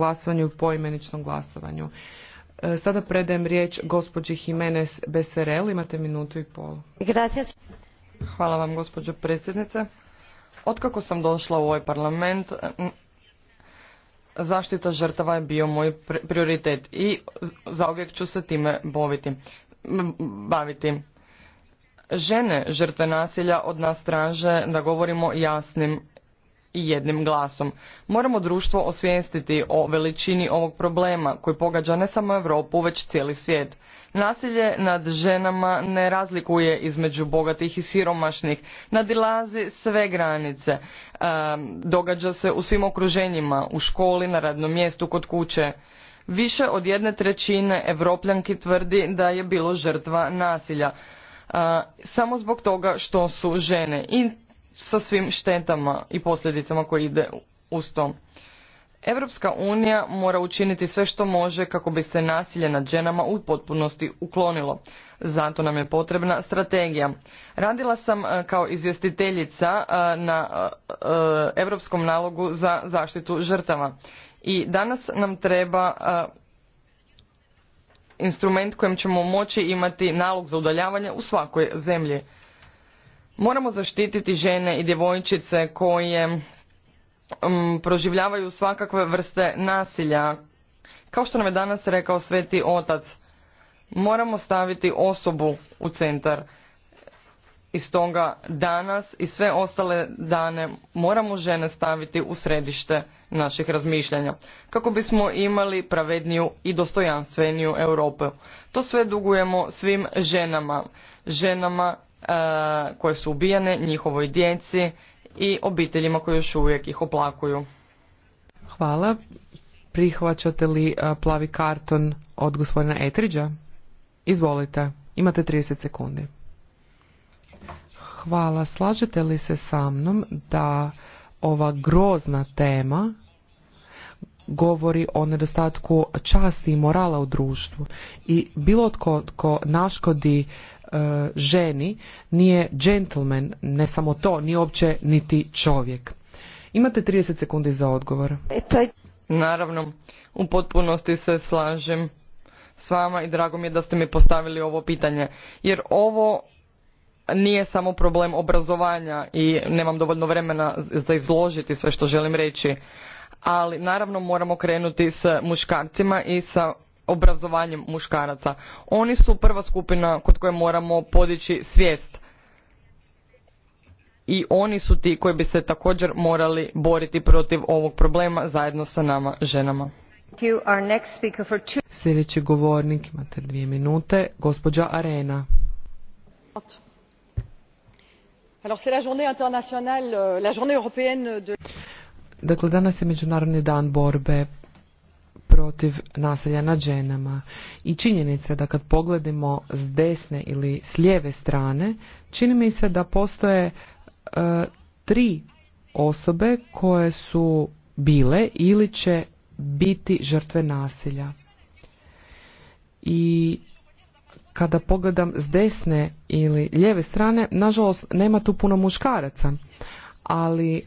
glasovanju i poimeničnom glasovanju. E, sada predajem riječ gospođi Jimenez Beserel. Imate minutu i pol. Hvala vam gospođo predsjednice. Otkako sam došla u ovaj parlament, zaštita žrtava je bio moj prioritet i zauvijek ću se time boviti, baviti. Žene žrtve nasilja od nas traže da govorimo jasnim i jednim glasom. Moramo društvo osvijestiti o veličini ovog problema koji pogađa ne samo Europu već cijeli svijet. Nasilje nad ženama ne razlikuje između bogatih i siromašnih, nadilazi sve granice, e, događa se u svim okruženjima, u školi, na radnom mjestu, kod kuće. Više od jedne trećine Evropljanki tvrdi da je bilo žrtva nasilja. E, samo zbog toga što su žene. I sa svim štetama i posljedicama koje ide uz to. Europska unija mora učiniti sve što može kako bi se nasilje nad ženama u potpunosti uklonilo. Zato nam je potrebna strategija. Radila sam e, kao izvjestiteljica e, na europskom e, nalogu za zaštitu žrtava. I danas nam treba instrument kojim ćemo moći imati nalog za udaljavanje u svakoj zemlji. Moramo zaštititi žene i djevojčice koje mm, proživljavaju svakakve vrste nasilja. Kao što nam je danas rekao sveti otac, moramo staviti osobu u centar. I stoga danas i sve ostale dane moramo žene staviti u središte naših razmišljanja kako bismo imali pravedniju i dostojanstveniju Europu. To sve dugujemo svim ženama, ženama E, koje su ubijene, njihovoj djeci i obiteljima koje još uvijek ih oplakuju. Hvala. Prihvaćate li e, plavi karton od gospodina Etriđa? Izvolite, imate 30 sekundi. Hvala. Slažete li se sa mnom da ova grozna tema govori o nedostatku časti i morala u društvu i bilo tko tko naškodi E, ženi nije gentleman, ne samo to, ni uopće niti čovjek. Imate 30 sekundi za odgovor. Naravno, u potpunosti se slažem s vama i drago mi je da ste mi postavili ovo pitanje. Jer ovo nije samo problem obrazovanja i nemam dovoljno vremena za izložiti sve što želim reći ali naravno moramo krenuti s muškarcima i sa obrazovanjem muškaraca. Oni su prva skupina kod koje moramo podići svijest i oni su ti koji bi se također morali boriti protiv ovog problema zajedno sa nama ženama. Sljedeći govornik, imate dvije minute, gospođa Arena. Dakle, danas je Međunarodni dan borbe protiv nasilja nad ženama. I činjenica da kad pogledimo s desne ili s lijeve strane, čini mi se da postoje e, tri osobe koje su bile ili će biti žrtve nasilja. I kada pogledam s desne ili lijeve strane, nažalost nema tu puno muškaraca, ali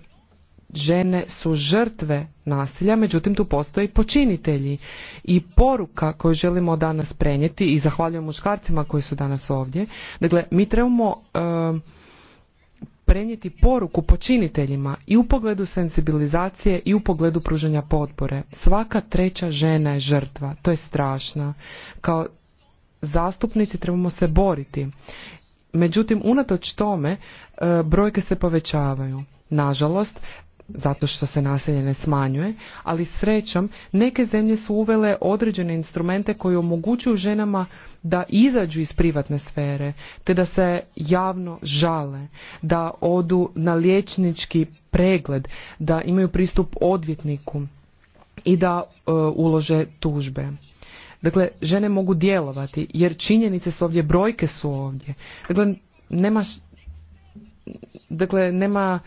žene su žrtve nasilja, međutim tu postoje počinitelji. I poruka koju želimo danas prenijeti i zahvaljujem muškarcima koji su danas ovdje, dakle mi trebamo um, prenijeti poruku počiniteljima i u pogledu sensibilizacije i u pogledu pružanja potpore. Svaka treća žena je žrtva, to je strašno. Kao zastupnici trebamo se boriti. Međutim, unatoč tome, uh, brojke se povećavaju. Nažalost, zato što se nasilje ne smanjuje, ali srećom neke zemlje su uvele određene instrumente koji omogućuju ženama da izađu iz privatne sfere, te da se javno žale, da odu na liječnički pregled, da imaju pristup odvjetniku i da e, ulože tužbe. Dakle, žene mogu djelovati jer činjenice su ovdje, brojke su ovdje. Dakle, nema, dakle, nema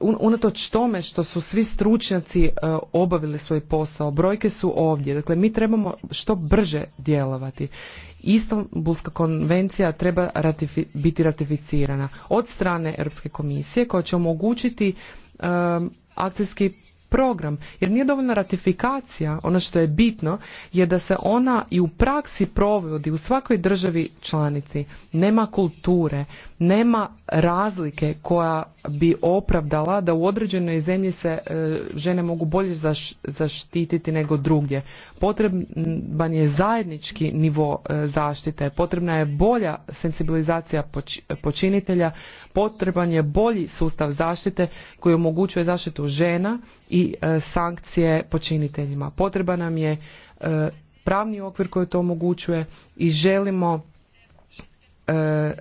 unatoč tome što su svi stručnjaci e, obavili svoj posao, brojke su ovdje. Dakle, mi trebamo što brže djelovati. Istanbulska konvencija treba biti ratificirana od strane Europske komisije koja će omogućiti e, akcijski program jer nije dovoljna ratifikacija ono što je bitno je da se ona i u praksi provodi u svakoj državi članici nema kulture nema razlike koja bi opravdala da u određenoj zemlji se e, žene mogu bolje zaštititi nego drugdje potreban je zajednički nivo e, zaštite potrebna je bolja sensibilizacija počinitelja potreban je bolji sustav zaštite koji omogućuje zaštitu žena i i e, sankcije počiniteljima. Potreba nam je e, pravni okvir koji to omogućuje i želimo e,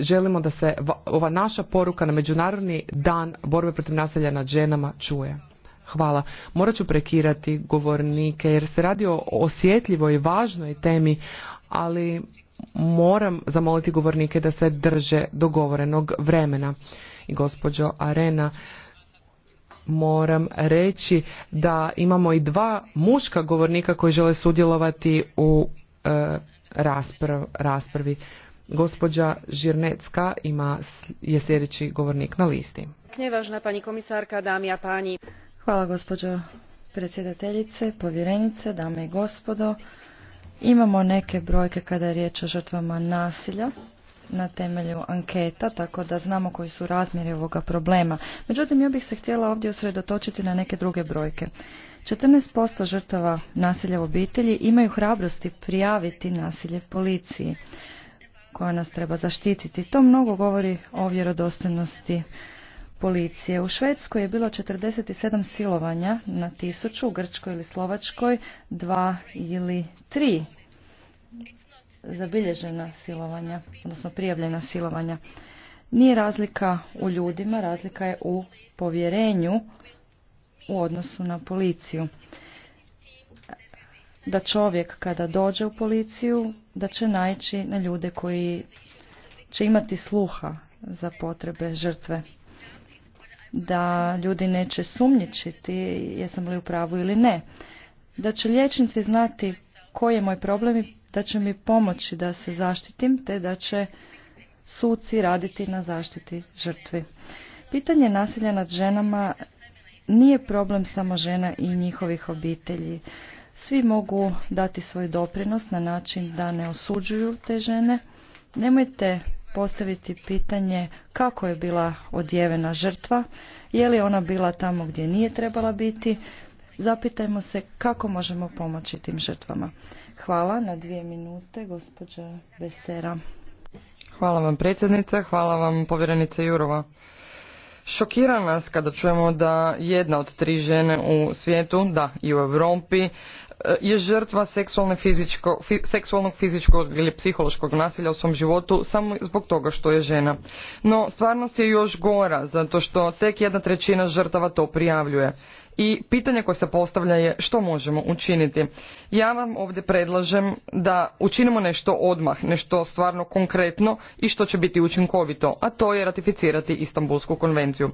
želimo da se ova naša poruka na Međunarodni dan borbe protiv nasilja nad ženama čuje. Hvala. Morat ću prekirati govornike jer se radi o osjetljivoj i važnoj temi, ali moram zamoliti govornike da se drže dogovorenog vremena. I gospođo Arena, moram reći da imamo i dva muška govornika koji žele sudjelovati u e, raspravi. Gospođa Žirnecka ima, je sljedeći govornik na listi. Nevažna pani komisarka, a pani. Hvala gospođo predsjedateljice, povjerenice, dame i gospodo. Imamo neke brojke kada je riječ o žrtvama nasilja na temelju anketa, tako da znamo koji su razmjeri ovoga problema. Međutim, ja bih se htjela ovdje usredotočiti na neke druge brojke. 14% žrtava nasilja u obitelji imaju hrabrosti prijaviti nasilje policiji koja nas treba zaštititi. To mnogo govori o vjerodostojnosti policije. U Švedskoj je bilo 47 silovanja na tisuću, u Grčkoj ili Slovačkoj dva ili tri zabilježena silovanja, odnosno prijavljena silovanja. Nije razlika u ljudima, razlika je u povjerenju u odnosu na policiju. Da čovjek kada dođe u policiju, da će naići na ljude koji će imati sluha za potrebe žrtve. Da ljudi neće sumnjičiti jesam li u pravu ili ne. Da će liječnici znati koji je moj problem i da će mi pomoći da se zaštitim te da će suci raditi na zaštiti žrtvi. Pitanje nasilja nad ženama nije problem samo žena i njihovih obitelji. Svi mogu dati svoj doprinos na način da ne osuđuju te žene. Nemojte postaviti pitanje kako je bila odjevena žrtva, je li ona bila tamo gdje nije trebala biti. Zapitajmo se kako možemo pomoći tim žrtvama. Hvala na dvije minute, gospođa Besera. Hvala vam predsjednice, hvala vam povjerenice Jurova. Šokira nas kada čujemo da jedna od tri žene u svijetu, da i u Europi, E, je žrtva seksualnog fizičkog ili psihološkog nasilja u svom životu samo zbog toga što je žena no stvarnost je još gora zato što tek jedna trećina žrtava to prijavljuje i pitanje koje se postavlja je što možemo učiniti ja vam ovdje predlažem da učinimo nešto odmah nešto stvarno konkretno i što će biti učinkovito a to je ratificirati istanbulsku konvenciju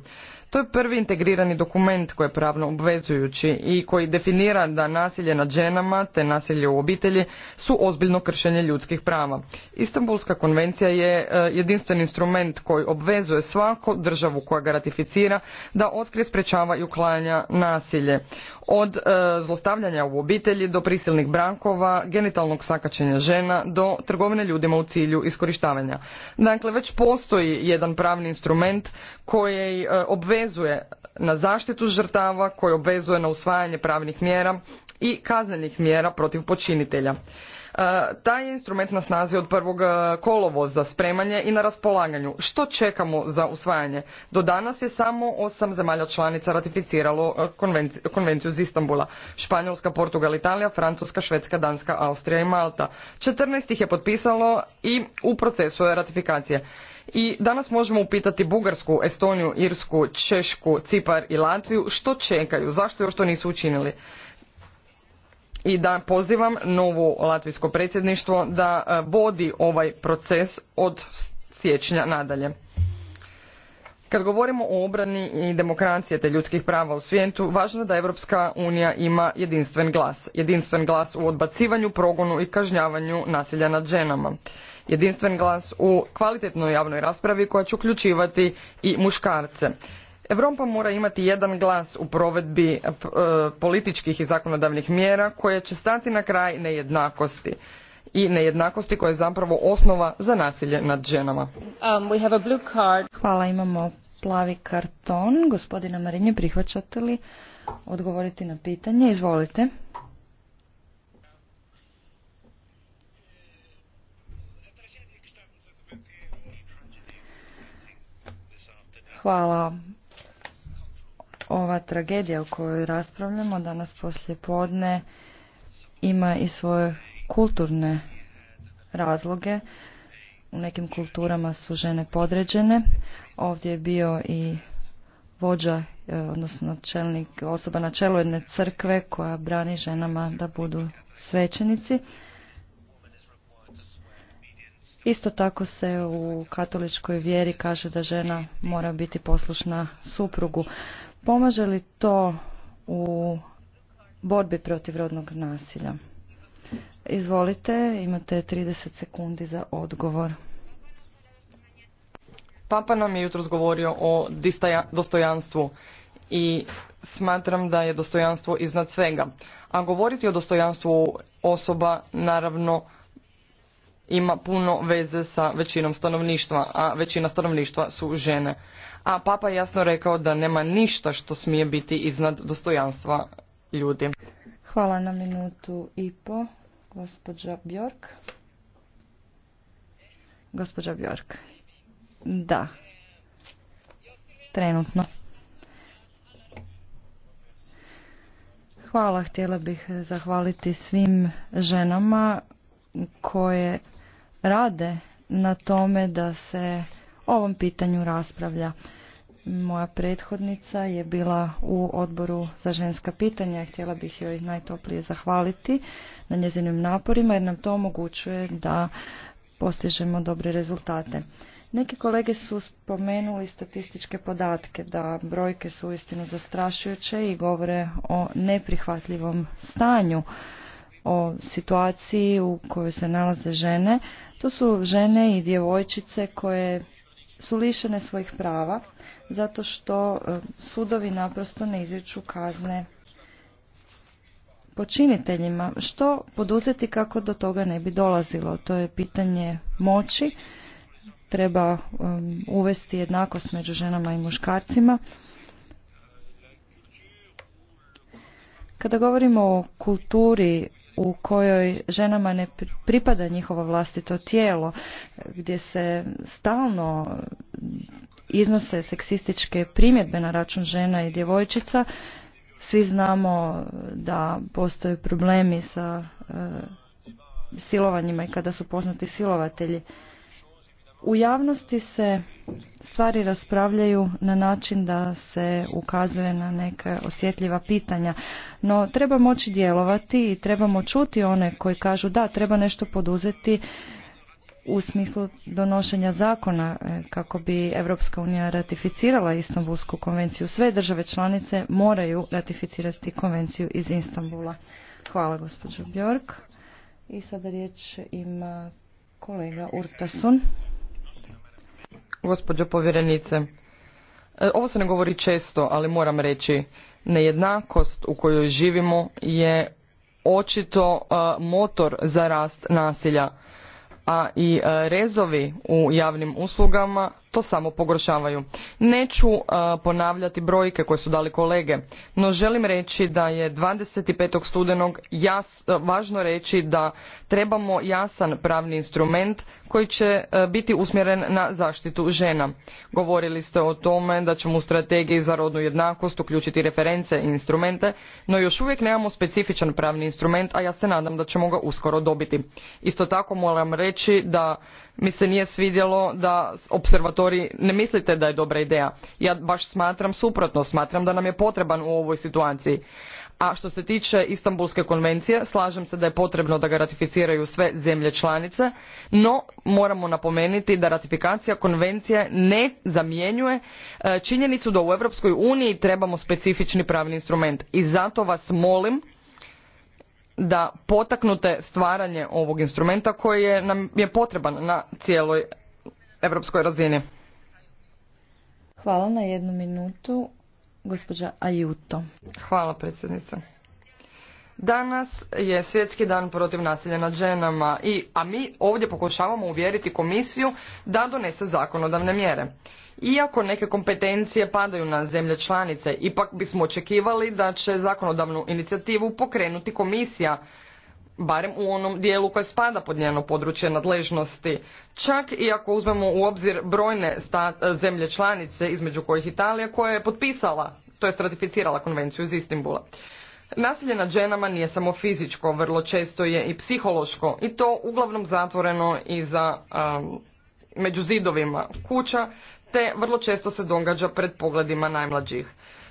to je prvi integrirani dokument koji je pravno obvezujući i koji definira da nasilje nad ženama te nasilje u obitelji su ozbiljno kršenje ljudskih prava. Istanbulska konvencija je e, jedinstven instrument koji obvezuje svaku državu koja ga ratificira da otkrije, sprečava i uklanja nasilje. Od e, zlostavljanja u obitelji do prisilnih brankova, genitalnog sakačenja žena do trgovine ljudima u cilju iskorištavanja. Dakle, već postoji jedan pravni instrument koji e, obvezuje obvezuje na zaštitu žrtava, koji obvezuje na usvajanje pravnih mjera i kaznenih mjera protiv počinitelja. E, taj je instrument na snazi od prvog e, kolovoza spremanje i na raspolaganju. Što čekamo za usvajanje? Do danas je samo osam zemalja članica ratificiralo e, konvenciju iz Istambula. Španjolska, Portugal, Italija, Francuska, Švedska, Danska, Austrija i Malta. 14 ih je potpisalo i u procesu je ratifikacije. I danas možemo upitati Bugarsku, Estoniju, Irsku, Češku, Cipar i Latviju što čekaju, zašto još to nisu učinili. I da pozivam novo latvijsko predsjedništvo da e, vodi ovaj proces od siječnja nadalje. Kad govorimo o obrani i demokracije te ljudskih prava u svijetu, važno je da Europska unija ima jedinstven glas. Jedinstven glas u odbacivanju, progonu i kažnjavanju nasilja nad ženama jedinstven glas u kvalitetnoj javnoj raspravi koja će uključivati i muškarce. Europa mora imati jedan glas u provedbi e, političkih i zakonodavnih mjera koje će stati na kraj nejednakosti i nejednakosti koja je zapravo osnova za nasilje nad ženama. Um, Hvala, imamo plavi karton. Gospodina Marinje, prihvaćate li odgovoriti na pitanje? Izvolite. Hvala. Ova tragedija o kojoj raspravljamo danas poslije podne ima i svoje kulturne razloge. U nekim kulturama su žene podređene. Ovdje je bio i vođa, e, odnosno čelnik, osoba na čelu jedne crkve koja brani ženama da budu svećenici. Isto tako se u katoličkoj vjeri kaže da žena mora biti poslušna suprugu. Pomaže li to u borbi protiv rodnog nasilja? Izvolite, imate 30 sekundi za odgovor. Papa nam je jutros govorio o dostojanstvu i smatram da je dostojanstvo iznad svega. A govoriti o dostojanstvu osoba naravno ima puno veze sa većinom stanovništva, a većina stanovništva su žene. A papa je jasno rekao da nema ništa što smije biti iznad dostojanstva ljudi. Hvala na minutu i po, gospođa Bjork. Gospođa Bjork. Da. Trenutno. Hvala, htjela bih zahvaliti svim ženama koje rade na tome da se ovom pitanju raspravlja. Moja prethodnica je bila u odboru za ženska pitanja i htjela bih joj najtoplije zahvaliti na njezinim naporima jer nam to omogućuje da postižemo dobre rezultate. Neki kolege su spomenuli statističke podatke da brojke su uistinu zastrašujuće i govore o neprihvatljivom stanju o situaciji u kojoj se nalaze žene. To su žene i djevojčice koje su lišene svojih prava zato što e, sudovi naprosto ne izriču kazne počiniteljima. Što poduzeti kako do toga ne bi dolazilo? To je pitanje moći. Treba uvesti jednakost među ženama i muškarcima. Kada govorimo o kulturi u kojoj ženama ne pripada njihovo vlastito tijelo, gdje se stalno iznose seksističke primjedbe na račun žena i djevojčica, svi znamo da postoje problemi sa e, silovanjima i kada su poznati silovatelji. U javnosti se stvari raspravljaju na način da se ukazuje na neka osjetljiva pitanja, no treba moći djelovati i trebamo čuti one koji kažu da treba nešto poduzeti u smislu donošenja zakona e, kako bi Europska unija ratificirala Istanbulsku konvenciju. Sve države članice moraju ratificirati konvenciju iz Istanbula. Hvala gospođo Bjork. I sada riječ ima kolega Urtasun. Gospođo povjerenice, e, ovo se ne govori često, ali moram reći, nejednakost u kojoj živimo je očito e, motor za rast nasilja, a i e, rezovi u javnim uslugama to samo pogoršavaju. Neću e, ponavljati brojke koje su dali kolege, no želim reći da je 25. studenog jas, e, važno reći da trebamo jasan pravni instrument koji će e, biti usmjeren na zaštitu žena. Govorili ste o tome da ćemo u strategiji za rodnu jednakost uključiti reference i instrumente, no još uvijek nemamo specifičan pravni instrument, a ja se nadam da ćemo ga uskoro dobiti. Isto tako moram reći da mi se nije svidjelo da observatori ne mislite da je dobra ideja. Ja baš smatram suprotno, smatram da nam je potreban u ovoj situaciji. A što se tiče Istanbulske konvencije, slažem se da je potrebno da ga ratificiraju sve zemlje članice, no moramo napomenuti da ratifikacija konvencije ne zamjenjuje e, činjenicu da u Europskoj uniji trebamo specifični pravni instrument. I zato vas molim da potaknute stvaranje ovog instrumenta koji je, nam je potreban na cijeloj europskoj razini. Hvala na jednu minutu, gospođa Ajuto. Hvala predsjednice. Danas je svjetski dan protiv nasilja nad ženama, i, a mi ovdje pokušavamo uvjeriti komisiju da donese zakonodavne mjere. Iako neke kompetencije padaju na zemlje članice, ipak bismo očekivali da će zakonodavnu inicijativu pokrenuti komisija, barem u onom dijelu koje spada pod njeno područje nadležnosti. Čak i ako uzmemo u obzir brojne zemlje članice, između kojih Italija, koja je potpisala, to je ratificirala konvenciju iz Istanbula. Nasilje nad ženama nije samo fizičko, vrlo često je i psihološko i to uglavnom zatvoreno i za um, među zidovima kuća, te vrlo često se događa pred pogledima najmlađih.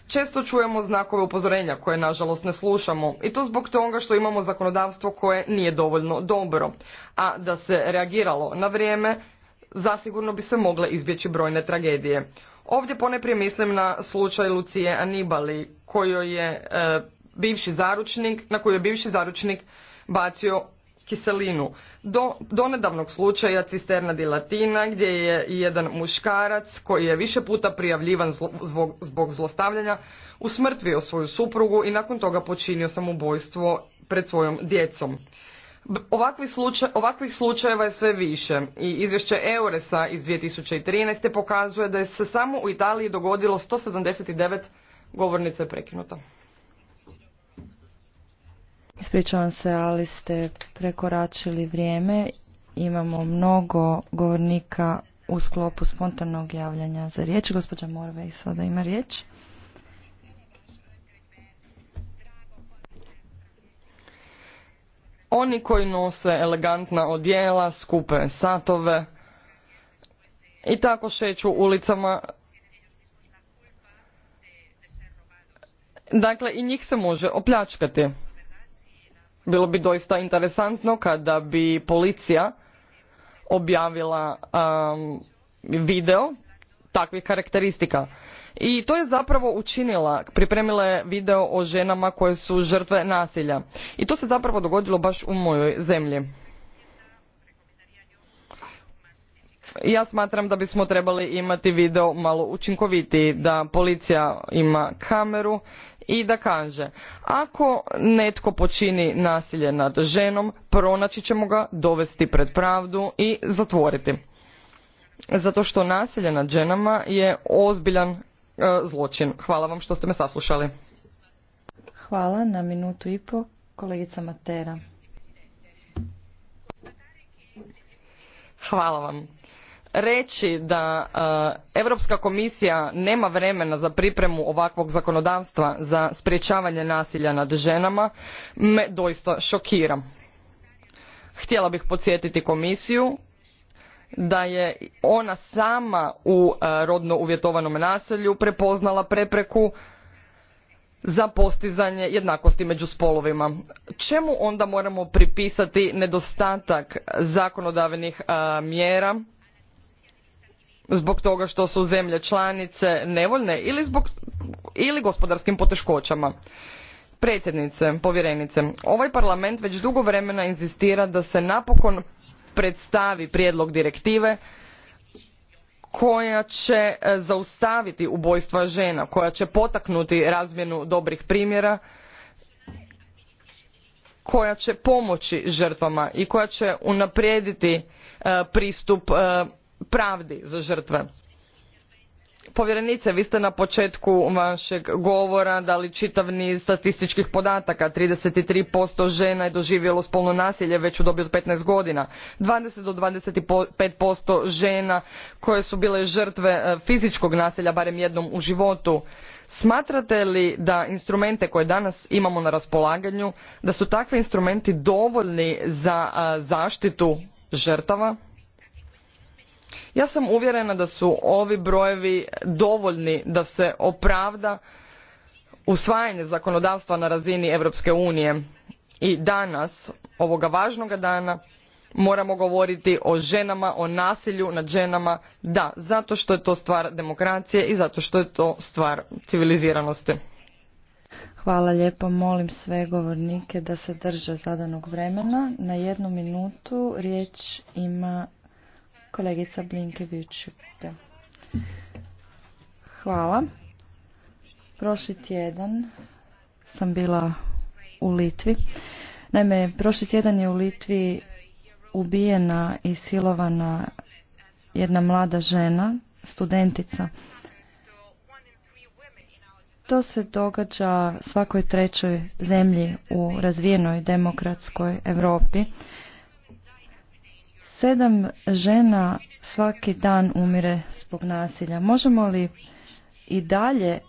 Često čujemo znakove upozorenja koje nažalost ne slušamo i to zbog toga što imamo zakonodavstvo koje nije dovoljno dobro, a da se reagiralo na vrijeme zasigurno bi se mogle izbjeći brojne tragedije. Ovdje pone mislim na slučaj Lucije Anibali kojoj je e, bivši zaručnik, na koju je bivši zaručnik bacio kiselinu. Do, do nedavnog slučaja cisterna di Latina gdje je jedan muškarac koji je više puta prijavljivan zbog, zbog zlostavljanja usmrtvio svoju suprugu i nakon toga počinio samoubojstvo pred svojom djecom. Ovakvi ovakvih slučajeva je sve više i izvješće Euresa iz 2013. pokazuje da je se samo u Italiji dogodilo 179 govornice prekinuta. Ispričavam se, ali ste prekoračili vrijeme. Imamo mnogo govornika u sklopu spontanog javljanja za riječ. Gospođa Morvej sada ima riječ. Oni koji nose elegantna odjela, skupe satove i tako šeću ulicama Dakle, i njih se može opljačkati bilo bi doista interesantno kada bi policija objavila um, video takvih karakteristika i to je zapravo učinila pripremila je video o ženama koje su žrtve nasilja i to se zapravo dogodilo baš u mojoj zemlji ja smatram da bismo trebali imati video malo učinkovitiji da policija ima kameru i da kaže ako netko počini nasilje nad ženom pronaći ćemo ga dovesti pred pravdu i zatvoriti zato što nasilje nad ženama je ozbiljan e, zločin hvala vam što ste me saslušali hvala na minutu i po kolegica matera hvala vam reći da e, europska komisija nema vremena za pripremu ovakvog zakonodavstva za sprječavanje nasilja nad ženama me doista šokira htjela bih podsjetiti komisiju da je ona sama u e, rodno uvjetovanom nasilju prepoznala prepreku za postizanje jednakosti među spolovima čemu onda moramo pripisati nedostatak zakonodavnih e, mjera zbog toga što su zemlje članice nevoljne ili zbog ili gospodarskim poteškoćama predsjednice povjerenice ovaj parlament već dugo vremena inzistira da se napokon predstavi prijedlog direktive koja će e, zaustaviti ubojstva žena koja će potaknuti razmjenu dobrih primjera koja će pomoći žrtvama i koja će unaprijediti e, pristup e, pravdi za žrtve povjerenice vi ste na početku vašeg govora dali čitav niz statističkih podataka thirty žena je doživjelo spolno nasilje već u dobi od fifteen godina twenty do twenty five žena koje su bile žrtve e, fizičkog nasilja barem jednom u životu smatrate li da instrumente koje danas imamo na raspolaganju da su takvi instrumenti dovoljni za e, zaštitu žrtava ja sam uvjerena da su ovi brojevi dovoljni da se opravda usvajanje zakonodavstva na razini Europske unije i danas, ovoga važnoga dana, moramo govoriti o ženama, o nasilju nad ženama, da, zato što je to stvar demokracije i zato što je to stvar civiliziranosti. Hvala lijepo, molim sve govornike da se drže zadanog vremena. Na jednu minutu riječ ima Kolegica Blinkević. Hvala. Prošli tjedan sam bila u Litvi. Naime, prošli tjedan je u Litvi ubijena i silovana jedna mlada žena, studentica. To se događa svakoj trećoj zemlji u razvijenoj demokratskoj Europi Sedam žena svaki dan umire zbog nasilja. Možemo li i dalje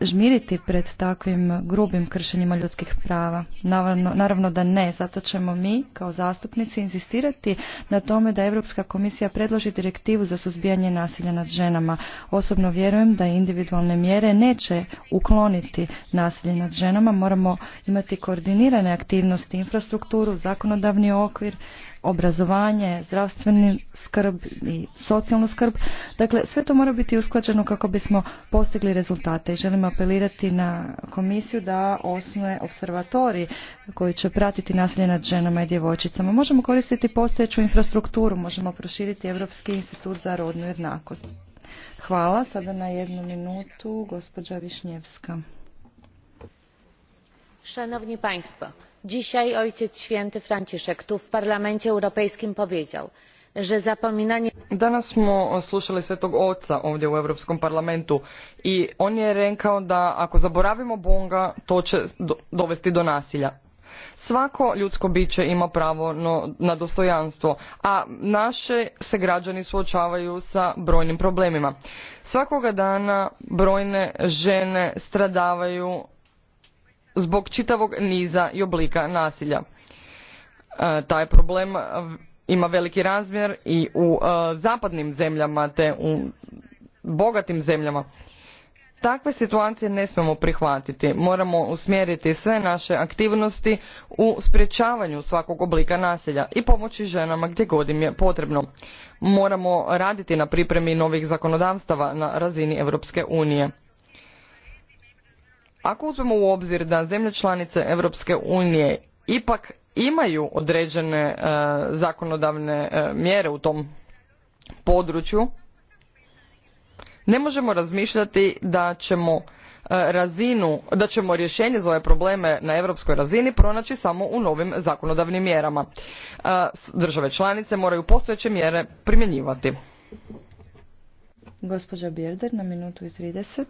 žmiriti pred takvim grubim kršenjima ljudskih prava? Naravno, naravno da ne, zato ćemo mi kao zastupnici insistirati na tome da Europska komisija predloži direktivu za suzbijanje nasilja nad ženama. Osobno vjerujem da individualne mjere neće ukloniti nasilje nad ženama, moramo imati koordinirane aktivnosti, infrastrukturu, zakonodavni okvir, obrazovanje, zdravstveni skrb i socijalnu skrb. Dakle, sve to mora biti usklađeno kako bismo postigli rezultate i želim apelirati na komisiju da osnuje observatori koji će pratiti nasilje nad ženama i djevojčicama. Možemo koristiti postojeću infrastrukturu, možemo proširiti Europski institut za rodnu jednakost. Hvala. Sada na jednu minutu gospođa Višnjevska. Szanowni Państwo, dzisiaj ojciec święty franciszek tu w parlamencie europejskim powiedział że danas smo slušali svetog oca ovdje u europskom parlamentu i on je rekao da ako zaboravimo bonga to će dovesti do nasilja svako ljudsko biće ima pravo na dostojanstvo a naši se građani suočavaju sa brojnim problemima svakoga dana brojne žene stradavaju zbog čitavog niza i oblika nasilja. E, taj problem ima veliki razmjer i u e, zapadnim zemljama te u bogatim zemljama. Takve situacije ne smemo prihvatiti. Moramo usmjeriti sve naše aktivnosti u sprječavanju svakog oblika nasilja i pomoći ženama gdje god im je potrebno. Moramo raditi na pripremi novih zakonodavstava na razini Europske unije. Ako uzmemo u obzir da zemlje članice Europske unije ipak imaju određene e, zakonodavne e, mjere u tom području, ne možemo razmišljati da ćemo e, razinu, da ćemo rješenje za ove probleme na europskoj razini pronaći samo u novim zakonodavnim mjerama. Države članice moraju postojeće mjere primjenjivati. Gospođa Bjerder na minutu i 30.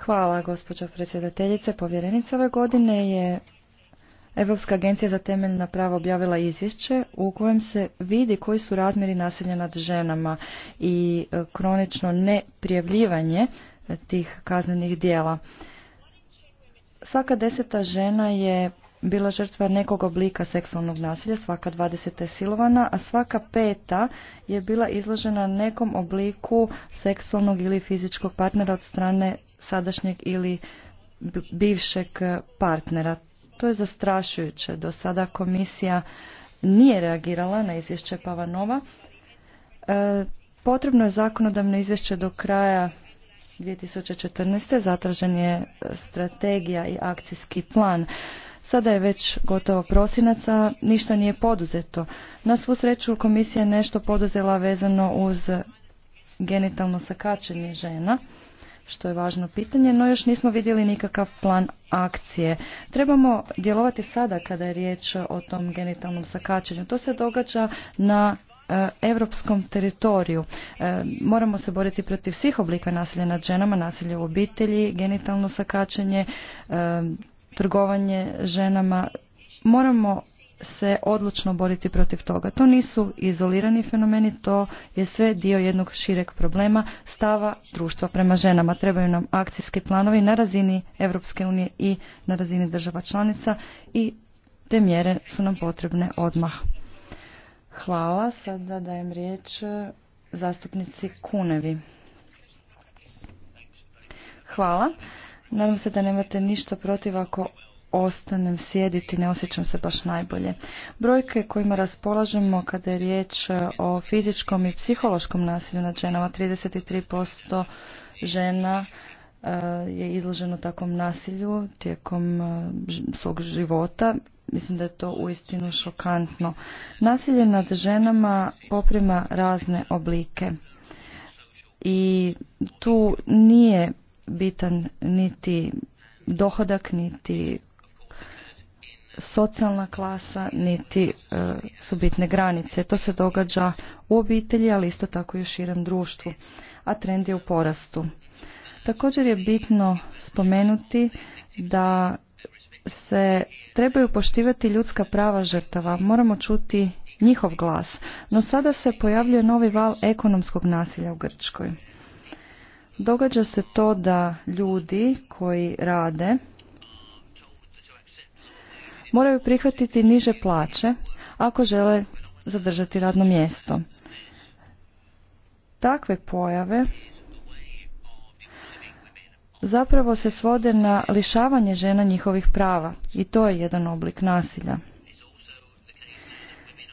Hvala, gospođo predsjedateljice. Povjerenica ove godine je Europska agencija za temeljna prava objavila izvješće u kojem se vidi koji su razmjeri nasilja nad ženama i e, kronično neprijavljivanje e, tih kaznenih dijela. Svaka deseta žena je bila žrtva nekog oblika seksualnog nasilja, svaka dvadeseta je silovana, a svaka peta je bila izložena nekom obliku seksualnog ili fizičkog partnera od strane sadašnjeg ili bivšeg partnera. To je zastrašujuće. Do sada komisija nije reagirala na izvješće Pavanova. nova. E, potrebno je zakonodavno izvješće do kraja 2014. zatražen je strategija i akcijski plan. Sada je već gotovo prosinaca, ništa nije poduzeto. Na svu sreću komisija je nešto poduzela vezano uz genitalno sakačenje žena što je važno pitanje, no još nismo vidjeli nikakav plan akcije. Trebamo djelovati sada kada je riječ o tom genitalnom sakačenju. To se događa na europskom teritoriju. E, moramo se boriti protiv svih oblika nasilja nad ženama, nasilje u obitelji, genitalno sakačenje, e, trgovanje ženama. Moramo se odlučno boriti protiv toga. To nisu izolirani fenomeni, to je sve dio jednog šireg problema stava društva prema ženama. Trebaju nam akcijski planovi na razini Europske unije i na razini država članica i te mjere su nam potrebne odmah. Hvala. Sada dajem riječ zastupnici Kunevi. Hvala. Nadam se da nemate ništa protiv ako ostanem sjediti, ne osjećam se baš najbolje. Brojke kojima raspolažemo kada je riječ e, o fizičkom i psihološkom nasilju nad ženama, 33% žena e, je izloženo takvom nasilju tijekom e, svog života. Mislim da je to uistinu šokantno. Nasilje nad ženama poprima razne oblike. I tu nije bitan niti dohodak, niti socijalna klasa niti e, su bitne granice. To se događa u obitelji, ali isto tako i u širem društvu, a trend je u porastu. Također je bitno spomenuti da se trebaju poštivati ljudska prava žrtava. Moramo čuti njihov glas. No sada se pojavljuje novi val ekonomskog nasilja u Grčkoj. Događa se to da ljudi koji rade moraju prihvatiti niže plaće ako žele zadržati radno mjesto. Takve pojave zapravo se svode na lišavanje žena njihovih prava i to je jedan oblik nasilja.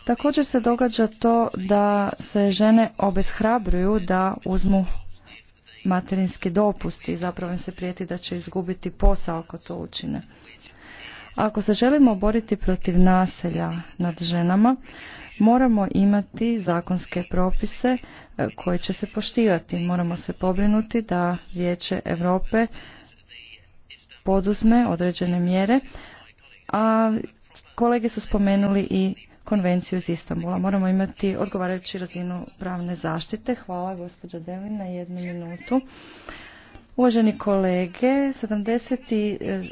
Također se događa to da se žene obeshrabruju da uzmu materinski dopust i zapravo im se prijeti da će izgubiti posao ako to učine. Ako se želimo boriti protiv naselja nad ženama, moramo imati zakonske propise e, koji će se poštivati. Moramo se pobrinuti da Vijeće Europe poduzme određene mjere, a kolege su spomenuli i konvenciju iz Istambula. Moramo imati odgovarajući razinu pravne zaštite. Hvala gospođa Devin na jednu minutu. Uvaženi kolege, 77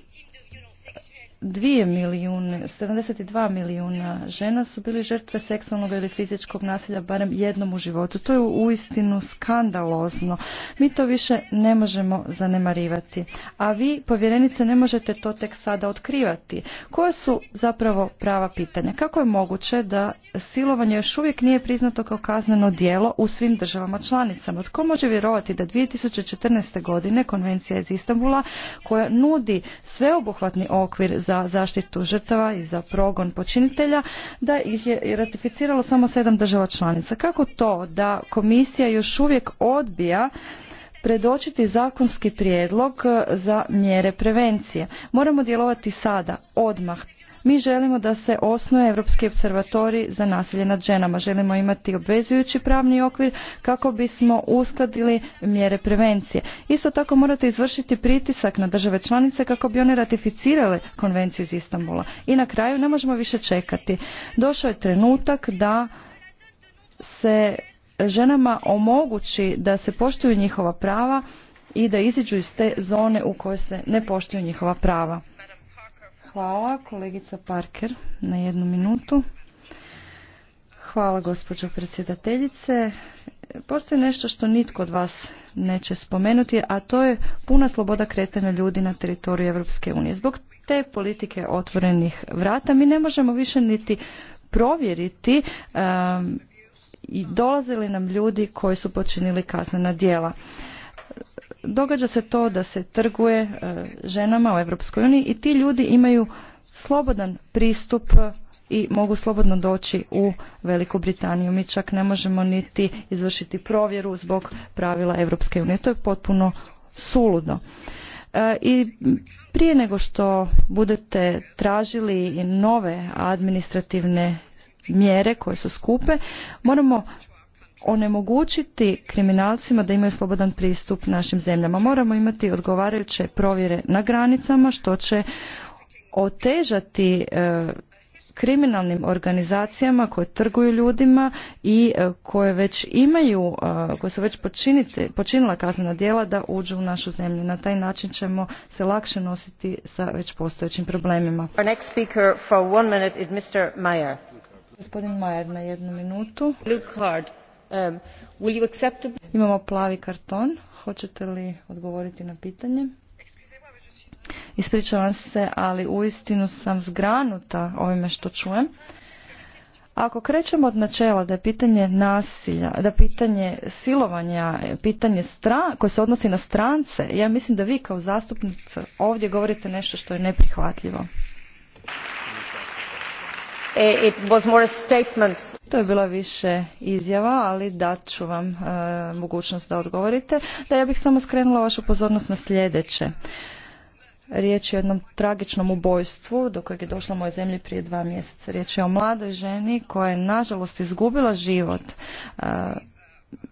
dva milijune, 72 milijuna žena su bili žrtve seksualnog ili fizičkog nasilja barem jednom u životu. To je uistinu skandalozno. Mi to više ne možemo zanemarivati. A vi, povjerenice, ne možete to tek sada otkrivati. Koje su zapravo prava pitanja? Kako je moguće da silovanje još uvijek nije priznato kao kazneno dijelo u svim državama članicama? Tko može vjerovati da 2014. godine konvencija iz Istambula koja nudi sveobuhvatni okvir za za zaštitu žrtava i za progon počinitelja, da ih je ratificiralo samo sedam država članica. Kako to da komisija još uvijek odbija predočiti zakonski prijedlog za mjere prevencije. Moramo djelovati sada, odmah. Mi želimo da se osnuje Europski observatori za nasilje nad ženama. Želimo imati obvezujući pravni okvir kako bismo uskladili mjere prevencije. Isto tako morate izvršiti pritisak na države članice kako bi one ratificirale konvenciju iz Istambula. I na kraju ne možemo više čekati. Došao je trenutak da se ženama omogući da se poštuju njihova prava i da iziđu iz te zone u kojoj se ne poštuju njihova prava. Hvala kolegica Parker na jednu minutu. Hvala gospođo predsjedateljice. Postoji nešto što nitko od vas neće spomenuti, a to je puna sloboda kretanja ljudi na teritoriju Europske unije. Zbog te politike otvorenih vrata mi ne možemo više niti provjeriti um, i dolaze li nam ljudi koji su počinili kaznena djela događa se to da se trguje e, ženama u Europskoj uniji i ti ljudi imaju slobodan pristup i mogu slobodno doći u Veliku Britaniju. Mi čak ne možemo niti izvršiti provjeru zbog pravila Europske unije. To je potpuno suludo. E, I prije nego što budete tražili nove administrativne mjere koje su skupe, moramo onemogućiti kriminalcima da imaju slobodan pristup našim zemljama. Moramo imati odgovarajuće provjere na granicama što će otežati e, kriminalnim organizacijama koje trguju ljudima i e, koje već imaju, e, koje su već počinila kaznena djela da uđu u našu zemlju. Na taj način ćemo se lakše nositi sa već postojećim problemima. Gospodin Majer na jednu minutu. Um, Imamo plavi karton. Hoćete li odgovoriti na pitanje? Ispričavam se, ali uistinu sam zgranuta ovime što čujem. Ako krećemo od načela da je pitanje nasilja, da pitanje silovanja, pitanje stra, koje se odnosi na strance, ja mislim da vi kao zastupnica ovdje govorite nešto što je neprihvatljivo. Eh, to je bila više izjava, ali dat ću vam eh, mogućnost da odgovorite. Da ja bih samo skrenula vašu pozornost na sljedeće. Riječ je o jednom tragičnom ubojstvu do kojeg je došla moja zemlji prije dva mjeseca. Riječ je o mladoj ženi koja je nažalost izgubila život. Eh,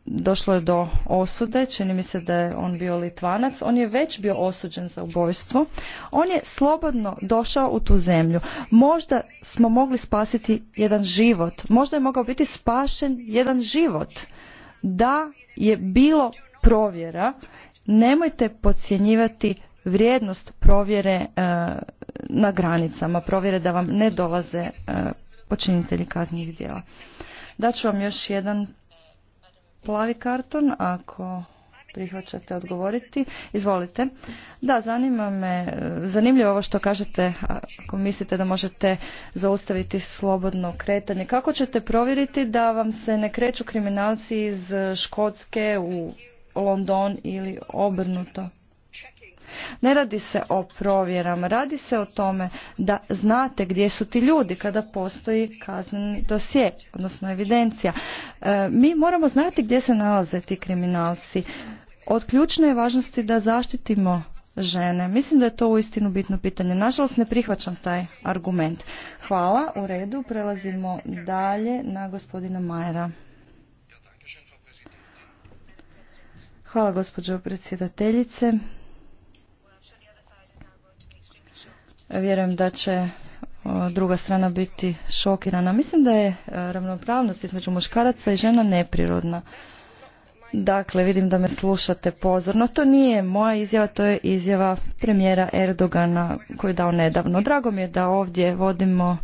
došlo je do osude, čini mi se da je on bio Litvanac, on je već bio osuđen za ubojstvo, on je slobodno došao u tu zemlju. Možda smo mogli spasiti jedan život, možda je mogao biti spašen jedan život. Da je bilo provjera, nemojte podcjenjivati vrijednost provjere e, na granicama, provjere da vam ne dolaze e, počinitelji kaznih djela. Daću vam još jedan plavi karton, ako prihvaćate odgovoriti. Izvolite. Da, zanima me, zanimljivo ovo što kažete, ako mislite da možete zaustaviti slobodno kretanje. Kako ćete provjeriti da vam se ne kreću kriminalci iz Škotske u London ili obrnuto? Ne radi se o provjerama, radi se o tome da znate gdje su ti ljudi kada postoji kazneni dosje, odnosno evidencija. E, mi moramo znati gdje se nalaze ti kriminalci. Od ključne je važnosti da zaštitimo žene. Mislim da je to uistinu bitno pitanje. Nažalost ne prihvaćam taj argument. Hvala, u redu. Prelazimo dalje na gospodina Majera. Hvala gospođo predsjedateljice. Vjerujem da će druga strana biti šokirana. Mislim da je e, ravnopravnost između muškaraca i žena neprirodna. Dakle, vidim da me slušate pozorno. To nije moja izjava, to je izjava premijera Erdogana koju je dao nedavno. Drago mi je da ovdje vodimo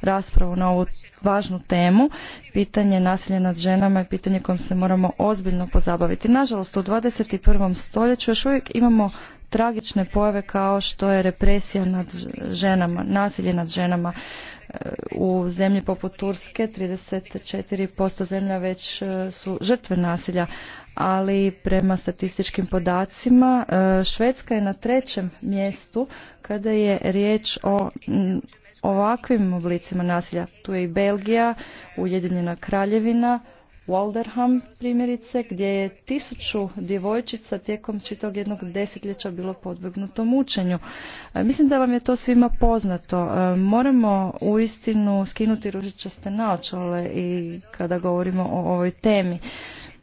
raspravu na ovu važnu temu. Pitanje nasilja nad ženama je pitanje kojom se moramo ozbiljno pozabaviti. Nažalost, u 21. stoljeću još uvijek imamo tragične pojave kao što je represija nad ženama, nasilje nad ženama e, u zemlji poput Turske 34% zemlja već e, su žrtve nasilja ali prema statističkim podacima e, Švedska je na trećem mjestu kada je riječ o ovakvim oblicima nasilja. Tu je i Belgija, Ujedinjena kraljevina, Walderham primjerice gdje je tisuću djevojčica tijekom čitog jednog desetljeća bilo podvrgnuto mučenju. E, mislim da vam je to svima poznato. E, moramo uistinu skinuti ružičaste naočale i kada govorimo o ovoj temi.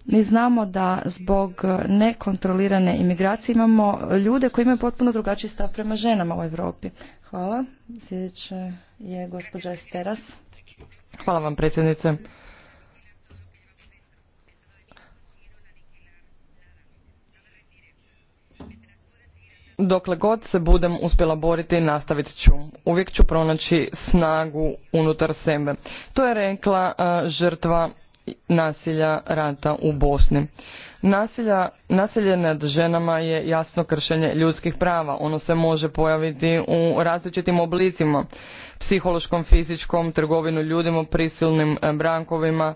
Mi znamo da zbog nekontrolirane imigracije imamo ljude koji imaju potpuno drugačiji stav prema ženama u Europi. Hvala. Sljedeće je gospođa Esteras. Hvala vam predsjednice. dokle god se budem uspjela boriti nastavit ću uvijek ću pronaći snagu unutar sebe to je rekla e, žrtva nasilja rata u bosni Nasilja, nasilje nad ženama je jasno kršenje ljudskih prava ono se može pojaviti u različitim oblicima psihološkom fizičkom trgovinu ljudima prisilnim e, brankovima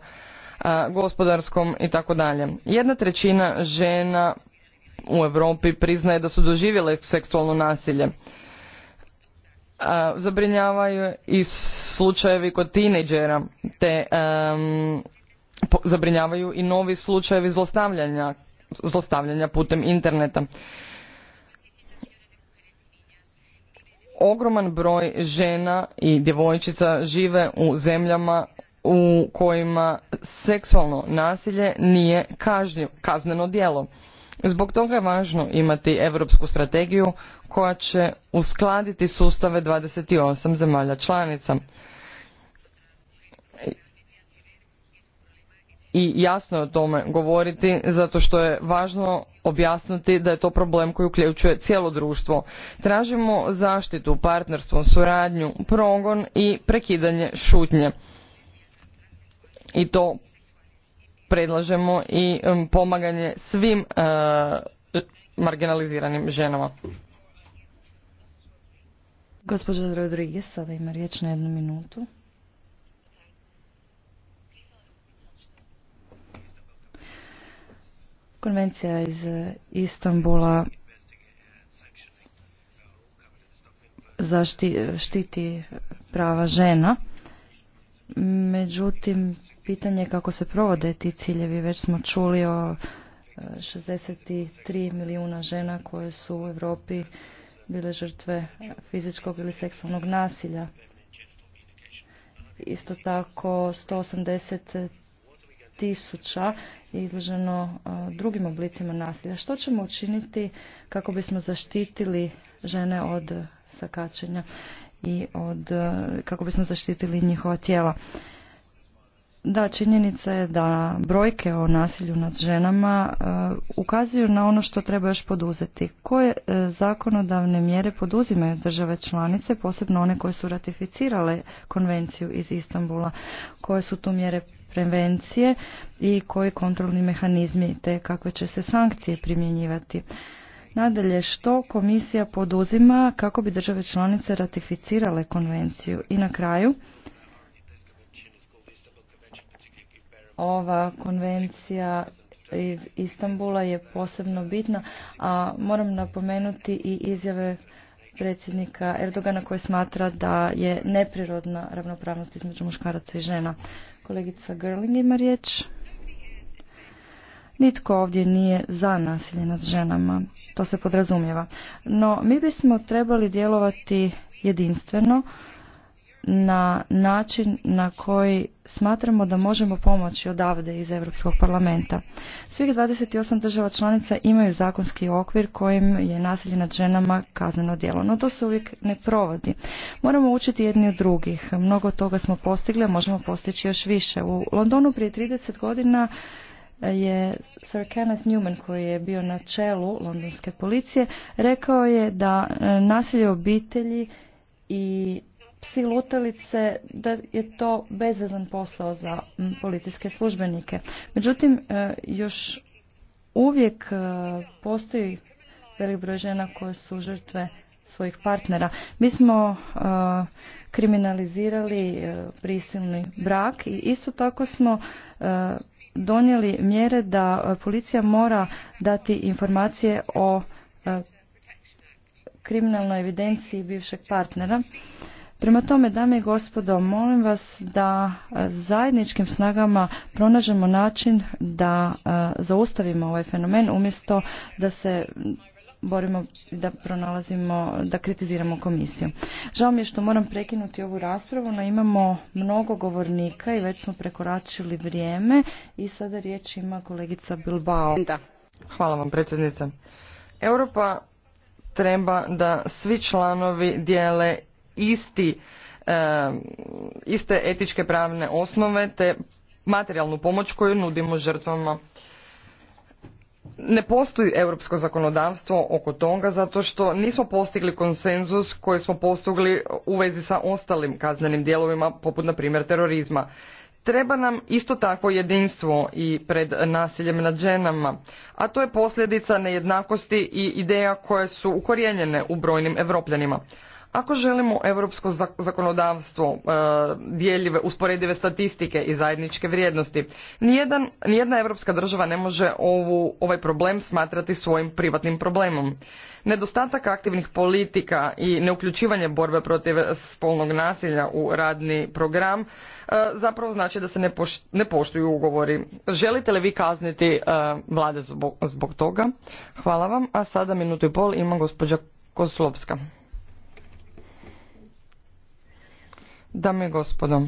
e, gospodarskom i tako dalje jedna trećina žena u Europi priznaje da su doživjele seksualno nasilje. Zabrinjavaju i slučajevi kod tinejdžera, te zabrinjavaju i novi slučajevi zlostavljanja, zlostavljanja putem interneta. Ogroman broj žena i djevojčica žive u zemljama u kojima seksualno nasilje nije kazneno djelo. Zbog toga je važno imati europsku strategiju koja će uskladiti sustave 28 zemalja članica. I jasno je o tome govoriti zato što je važno objasniti da je to problem koji uključuje cijelo društvo. Tražimo zaštitu, partnerstvo, suradnju, progon i prekidanje šutnje. I to predlažemo i um, pomaganje svim uh, marginaliziranim ženama. Gospođa Rodriguez, sada ima riječ na jednu minutu. Konvencija iz uh, Istanbula zaštiti, štiti prava žena. Međutim, pitanje kako se provode ti ciljevi. Već smo čuli o 63 e, milijuna žena koje su u Europi bile žrtve fizičkog ili seksualnog nasilja. Isto tako 180 tisuća je izloženo e, drugim oblicima nasilja. Što ćemo učiniti kako bismo zaštitili žene od sakačenja i od, e, kako bismo zaštitili njihova tijela? Da, činjenica je da brojke o nasilju nad ženama e, ukazuju na ono što treba još poduzeti. Koje e, zakonodavne mjere poduzimaju države članice, posebno one koje su ratificirale konvenciju iz Istanbula, koje su tu mjere prevencije i koji kontrolni mehanizmi te kakve će se sankcije primjenjivati. Nadalje, što komisija poduzima kako bi države članice ratificirale konvenciju? I na kraju, ova konvencija iz Istambula je posebno bitna, a moram napomenuti i izjave predsjednika Erdogana koji smatra da je neprirodna ravnopravnost između muškaraca i žena. Kolegica Girling ima riječ. Nitko ovdje nije za nasilje nad ženama, to se podrazumijeva. No, mi bismo trebali djelovati jedinstveno, na način na koji smatramo da možemo pomoći odavde iz Europskog parlamenta. Svih 28 država članica imaju zakonski okvir kojim je nasilje nad ženama kazneno djelo, no to se uvijek ne provodi. Moramo učiti jedni od drugih. Mnogo toga smo postigli, a možemo postići još više. U Londonu prije 30 godina eh, je Sir Kenneth Newman koji je bio na čelu londonske policije rekao je da eh, nasilje obitelji i psi lutalice da je to bezvezan posao za policijske službenike. Međutim, e, još uvijek e, postoji velik broj žena koje su žrtve svojih partnera. Mi smo e, kriminalizirali prisilni brak i isto tako smo donijeli mjere da policija mora dati informacije o kriminalnoj evidenciji bivšeg partnera Prema tome, dame i gospodo, molim vas da e, zajedničkim snagama pronažemo način da e, zaustavimo ovaj fenomen umjesto da se borimo da pronalazimo, da kritiziramo komisiju. Žao mi je što moram prekinuti ovu raspravu, no imamo mnogo govornika i već smo prekoračili vrijeme i sada riječ ima kolegica Bilbao. Hvala vam predsjednica. Europa treba da svi članovi dijele isti, e, iste etičke pravne osnove te materijalnu pomoć koju nudimo žrtvama. Ne postoji europsko zakonodavstvo oko toga zato što nismo postigli konsenzus koji smo postigli u vezi sa ostalim kaznenim dijelovima poput na primjer terorizma. Treba nam isto tako jedinstvo i pred nasiljem nad ženama, a to je posljedica nejednakosti i ideja koje su ukorijenjene u brojnim europljanima ako želimo europsko zakonodavstvo, e, dijeljive, usporedive statistike i zajedničke vrijednosti, nijedan, nijedna europska država ne može ovu, ovaj problem smatrati svojim privatnim problemom. Nedostatak aktivnih politika i neuključivanje borbe protiv spolnog nasilja u radni program e, zapravo znači da se ne, ne poštuju ugovori. Želite li vi kazniti e, vlade zbog, zbog toga? Hvala vam, a sada minutu i pol ima gospođa Koslovska. Dame i gospodo,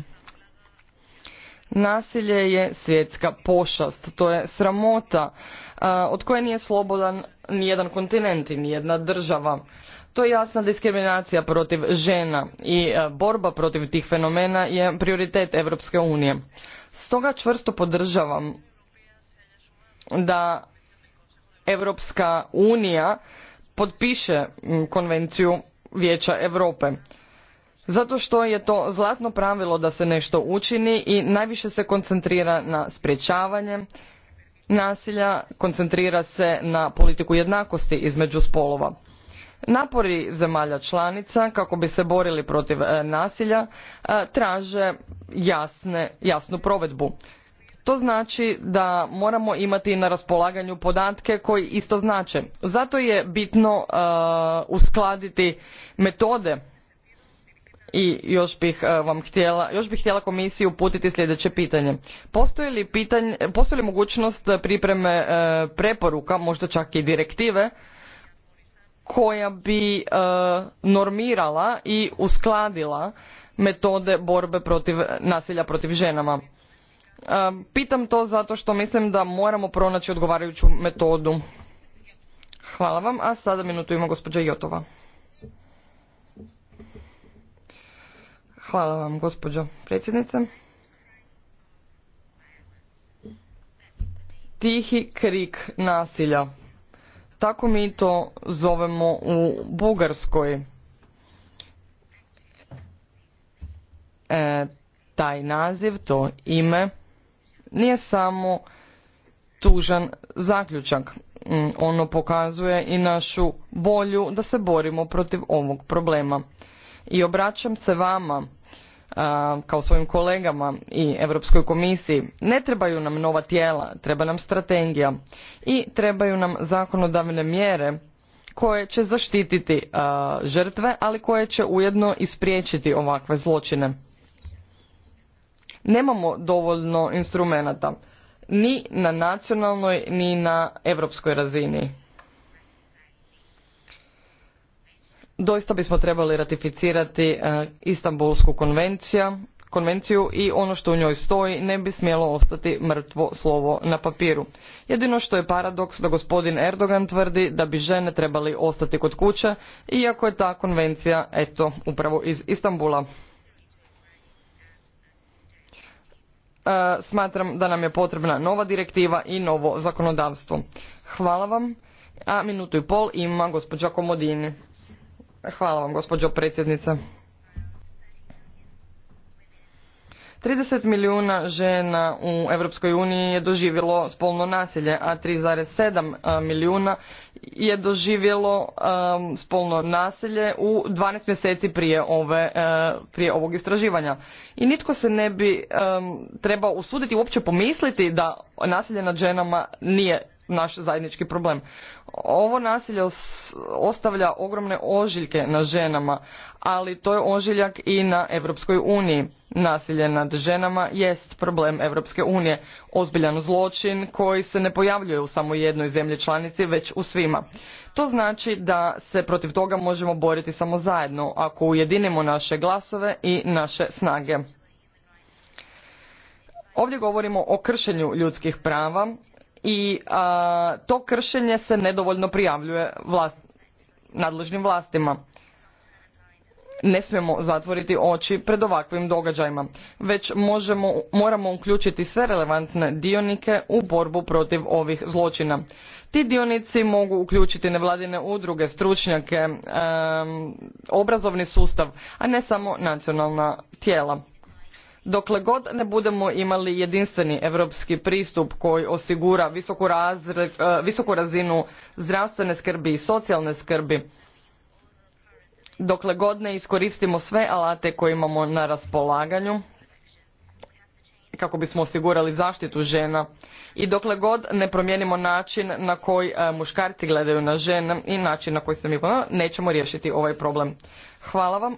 nasilje je svjetska pošast, to je sramota od koje nije slobodan nijedan kontinent i nijedna država. To je jasna diskriminacija protiv žena i borba protiv tih fenomena je prioritet Europske unije. Stoga čvrsto podržavam da Europska unija potpiše konvenciju Vijeća Europe zato što je to zlatno pravilo da se nešto učini i najviše se koncentrira na sprječavanje nasilja koncentrira se na politiku jednakosti između spolova napori zemalja članica kako bi se borili protiv e, nasilja e, traže jasne, jasnu provedbu to znači da moramo imati na raspolaganju podatke koji isto znače zato je bitno e, uskladiti metode i još bih e, htjela, još komisiju uputiti sljedeće pitanje. Postoji li, mogućnost pripreme e, preporuka, možda čak i direktive, koja bi e, normirala i uskladila metode borbe protiv nasilja protiv ženama? Pitam to zato što mislim da moramo pronaći odgovarajuću metodu. Hvala vam, a sada minutu ima gospođa Jotova. Hvala vam, gospođo predsjednice. Tihi krik nasilja. Tako mi to zovemo u Bugarskoj. E, taj naziv, to ime, nije samo tužan zaključak. Mm, ono pokazuje i našu volju da se borimo protiv ovog problema i obraćam se vama kao svojim kolegama i Europskoj komisiji. Ne trebaju nam nova tijela, treba nam strategija i trebaju nam zakonodavne mjere koje će zaštititi žrtve, ali koje će ujedno ispriječiti ovakve zločine. Nemamo dovoljno instrumenata ni na nacionalnoj ni na europskoj razini. doista bismo trebali ratificirati e, Istanbulsku konvenciju i ono što u njoj stoji ne bi smjelo ostati mrtvo slovo na papiru. Jedino što je paradoks da gospodin Erdogan tvrdi da bi žene trebale ostati kod kuće, iako je ta konvencija, eto, upravo iz Istanbula. E, smatram da nam je potrebna nova direktiva i novo zakonodavstvo. Hvala vam. A minutu i pol ima gospođa Komodini. Hvala vam, gospođo predsjednice. 30 milijuna žena u Europskoj uniji je doživjelo spolno nasilje, a 3,7 milijuna je doživjelo spolno nasilje u 12 mjeseci prije, prije ovog istraživanja. I nitko se ne bi trebao usuditi uopće pomisliti da nasilje nad ženama nije naš zajednički problem. Ovo nasilje ostavlja ogromne ožiljke na ženama, ali to je ožiljak i na Europskoj uniji. Nasilje nad ženama jest problem Europske unije, ozbiljan zločin koji se ne pojavljuje u samo jednoj zemlji članici, već u svima. To znači da se protiv toga možemo boriti samo zajedno, ako ujedinimo naše glasove i naše snage. Ovdje govorimo o kršenju ljudskih prava i to kršenje se nedovoljno prijavljuje nadležnim vlastima. Ne smijemo zatvoriti oči pred ovakvim događajima, već moramo uključiti sve relevantne dionike u borbu protiv ovih zločina. Ti dionici mogu uključiti nevladine udruge, stručnjake, obrazovni sustav, a ne samo nacionalna tijela dokle god ne budemo imali jedinstveni europski pristup koji osigura eh, visoku, razinu zdravstvene skrbi i socijalne skrbi dokle god ne iskoristimo sve alate koje imamo na raspolaganju kako bismo osigurali zaštitu žena i dokle god ne promijenimo način na koji eh, muškarci gledaju na žene i način na koji se mi nećemo riješiti ovaj problem. Hvala vam,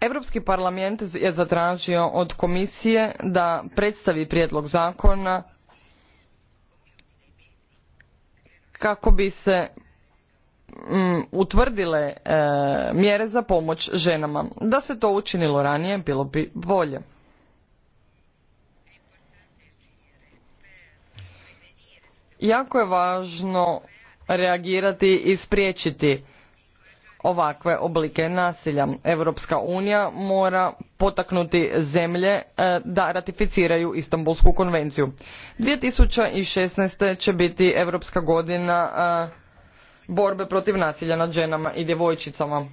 Europski parlament je zatražio od komisije da predstavi prijedlog zakona kako bi se mm, utvrdile e, mjere za pomoć ženama. Da se to učinilo ranije bilo bi bolje. Jako je važno reagirati i spriječiti ovakve oblike nasilja. Europska unija mora potaknuti zemlje e, da ratificiraju Istanbulsku konvenciju. 2016. će biti Europska godina e, borbe protiv nasilja nad ženama i djevojčicama.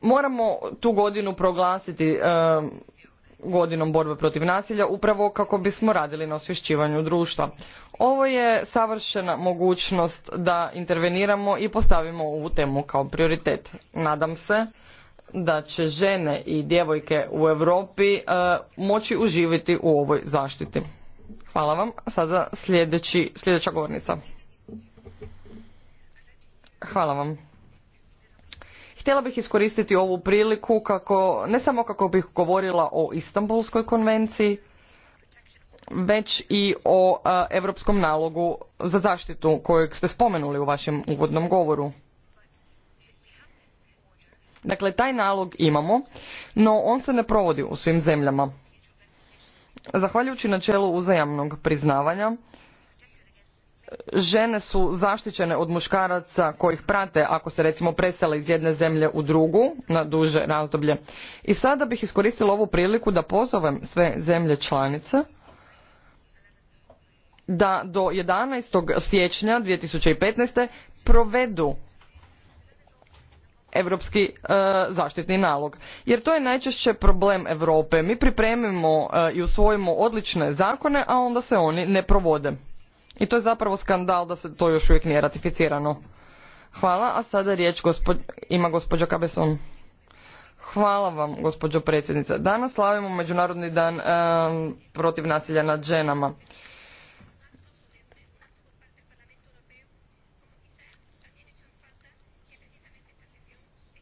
Moramo tu godinu proglasiti e, godinom borbe protiv nasilja upravo kako bismo radili na osvješćivanju društva. Ovo je savršena mogućnost da interveniramo i postavimo ovu temu kao prioritet. Nadam se da će žene i djevojke u Europi e, moći uživiti u ovoj zaštiti. Hvala vam. Sada sljedeći, sljedeća govornica. Hvala vam. Htjela bih iskoristiti ovu priliku kako, ne samo kako bih govorila o Istanbulskoj konvenciji, već i o europskom nalogu za zaštitu kojeg ste spomenuli u vašem uvodnom govoru. Dakle, taj nalog imamo, no on se ne provodi u svim zemljama. Zahvaljujući načelu uzajamnog priznavanja, žene su zaštićene od muškaraca kojih prate ako se recimo presele iz jedne zemlje u drugu na duže razdoblje. I sada bih iskoristila ovu priliku da pozovem sve zemlje članice da do 11. siječnja 2015. provedu europski e, zaštitni nalog jer to je najčešće problem Europe mi pripremimo e, i usvojimo odlične zakone a onda se oni ne provode i to je zapravo skandal da se to još uvijek nije ratificirano. Hvala, a sada riječ ima gospođa Kabeson. Hvala vam, gospođo predsjednice. Danas slavimo Međunarodni dan protiv nasilja nad ženama.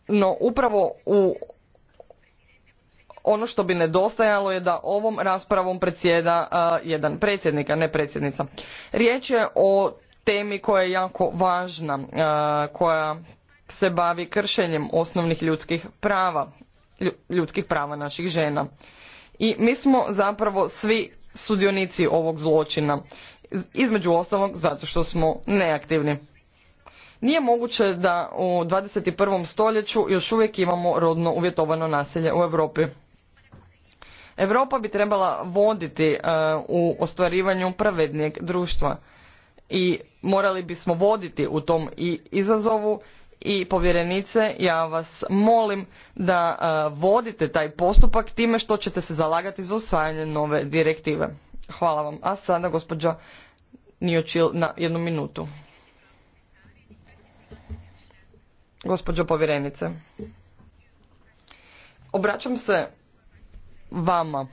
No, upravo u ono što bi nedostajalo je da ovom raspravom predsjeda jedan predsjednik a ne predsjednica riječ je o temi koja je jako važna koja se bavi kršenjem osnovnih ljudskih prava ljudskih prava naših žena i mi smo zapravo svi sudionici ovog zločina između ostalog zato što smo neaktivni nije moguće da u 21. stoljeću još uvijek imamo rodno uvjetovano nasilje u Europi Europa bi trebala voditi e, u ostvarivanju pravednijeg društva i morali bismo voditi u tom i izazovu i povjerenice ja vas molim da e, vodite taj postupak time što ćete se zalagati za usvajanje nove direktive. Hvala vam. A sada gospođa Niočil na jednu minutu. Gospođo povjerenice, obraćam se vama.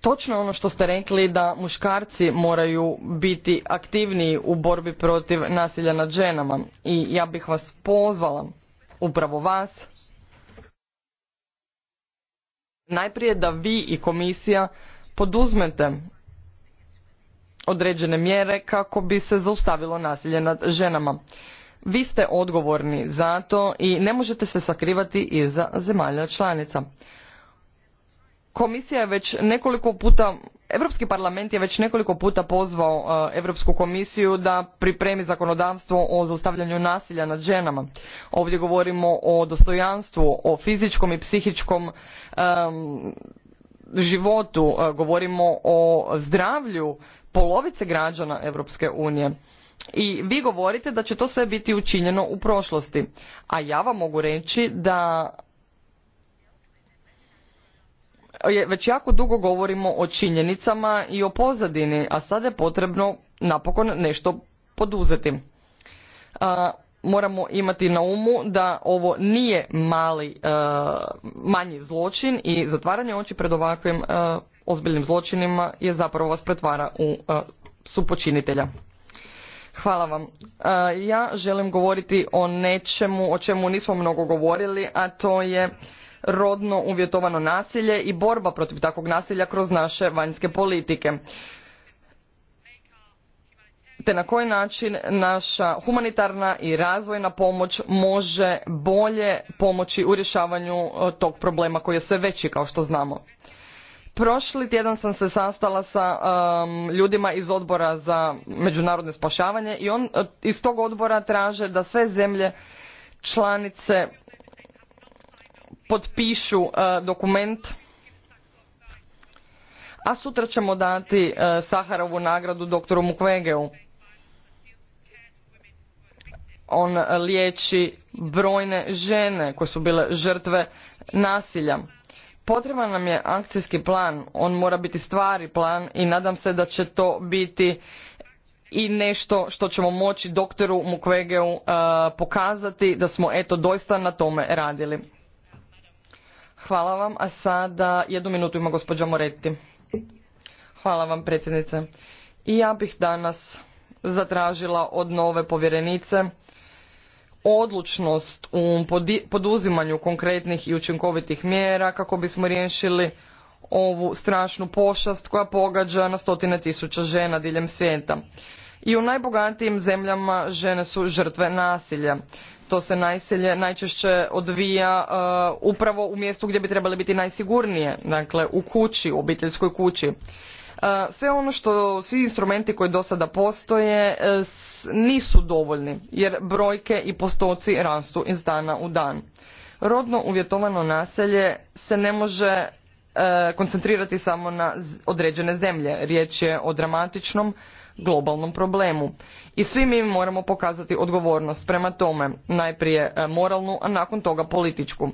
Točno je ono što ste rekli da muškarci moraju biti aktivniji u borbi protiv nasilja nad ženama i ja bih vas pozvala, upravo vas, najprije da vi i komisija poduzmete određene mjere kako bi se zaustavilo nasilje nad ženama. Vi ste odgovorni za to i ne možete se sakrivati iza zemalja članica komisija je već nekoliko puta europski parlament je već nekoliko puta pozvao europsku komisiju da pripremi zakonodavstvo o zaustavljanju nasilja nad ženama ovdje govorimo o dostojanstvu o fizičkom i psihičkom životu e, govorimo o zdravlju polovice građana europske unije i vi govorite da će to sve biti učinjeno u prošlosti a ja vam mogu reći da već jako dugo govorimo o činjenicama i o pozadini, a sada je potrebno napokon nešto poduzeti. Moramo imati na umu da ovo nije mali, e, manji zločin i zatvaranje oči pred ovakvim e, ozbiljnim zločinima je zapravo vas pretvara u e, supočinitelja. Hvala vam. Ja želim govoriti o nečemu o čemu nismo mnogo govorili, a to je rodno uvjetovano nasilje i borba protiv takvog nasilja kroz naše vanjske politike te na koji način naša humanitarna i razvojna pomoć može bolje pomoći u rješavanju e, tog problema koji je sve veći kao što znamo. Prošli tjedan sam se sastala sa ljudima iz odbora za međunarodno spašavanje i on e, iz tog odbora traže da sve zemlje članice potpišu e, dokument a sutra ćemo dati e, Saharovu nagradu doktoru Mukwegeu. On e, liječi brojne žene koje su bile žrtve nasilja. Potreban nam je akcijski plan, on mora biti stvari plan i nadam se da će to biti i nešto što ćemo moći doktoru Mukwegeu pokazati da smo eto doista na tome radili. Hvala vam, a sada jednu minutu ima gospođa Moretti. Hvala vam, predsjednice. I ja bih danas zatražila od nove povjerenice odlučnost u poduzimanju konkretnih i učinkovitih mjera kako bismo riješili ovu strašnu pošast koja pogađa na stotine tisuća žena diljem svijeta. I u najbogatijim zemljama žene su žrtve nasilja. To se nasilje najčešće odvija uh, upravo u mjestu gdje bi trebale biti najsigurnije, dakle u kući, u obiteljskoj kući uh, sve ono što svi instrumenti koji do sada postoje uh, nisu dovoljni jer brojke i postoci rastu iz dana u dan rodno uvjetovano nasilje se ne može koncentrirati samo na određene zemlje riječ je o dramatičnom globalnom problemu. I svi mi moramo pokazati odgovornost prema tome, najprije e, moralnu, a nakon toga političku.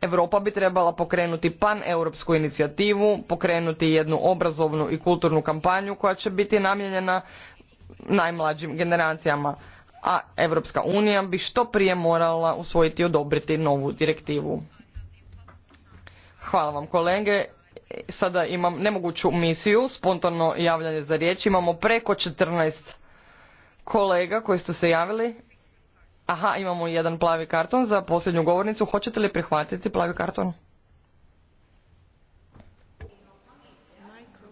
Europa bi trebala pokrenuti paneuropsku inicijativu, pokrenuti jednu obrazovnu i kulturnu kampanju koja će biti namijenjena najmlađim generacijama, a Europska unija bi što prije morala usvojiti i odobriti novu direktivu. Hvala vam kolege sada imam nemoguću misiju, spontano javljanje za riječ. Imamo preko 14 kolega koji ste se javili. Aha, imamo jedan plavi karton za posljednju govornicu. Hoćete li prihvatiti plavi karton?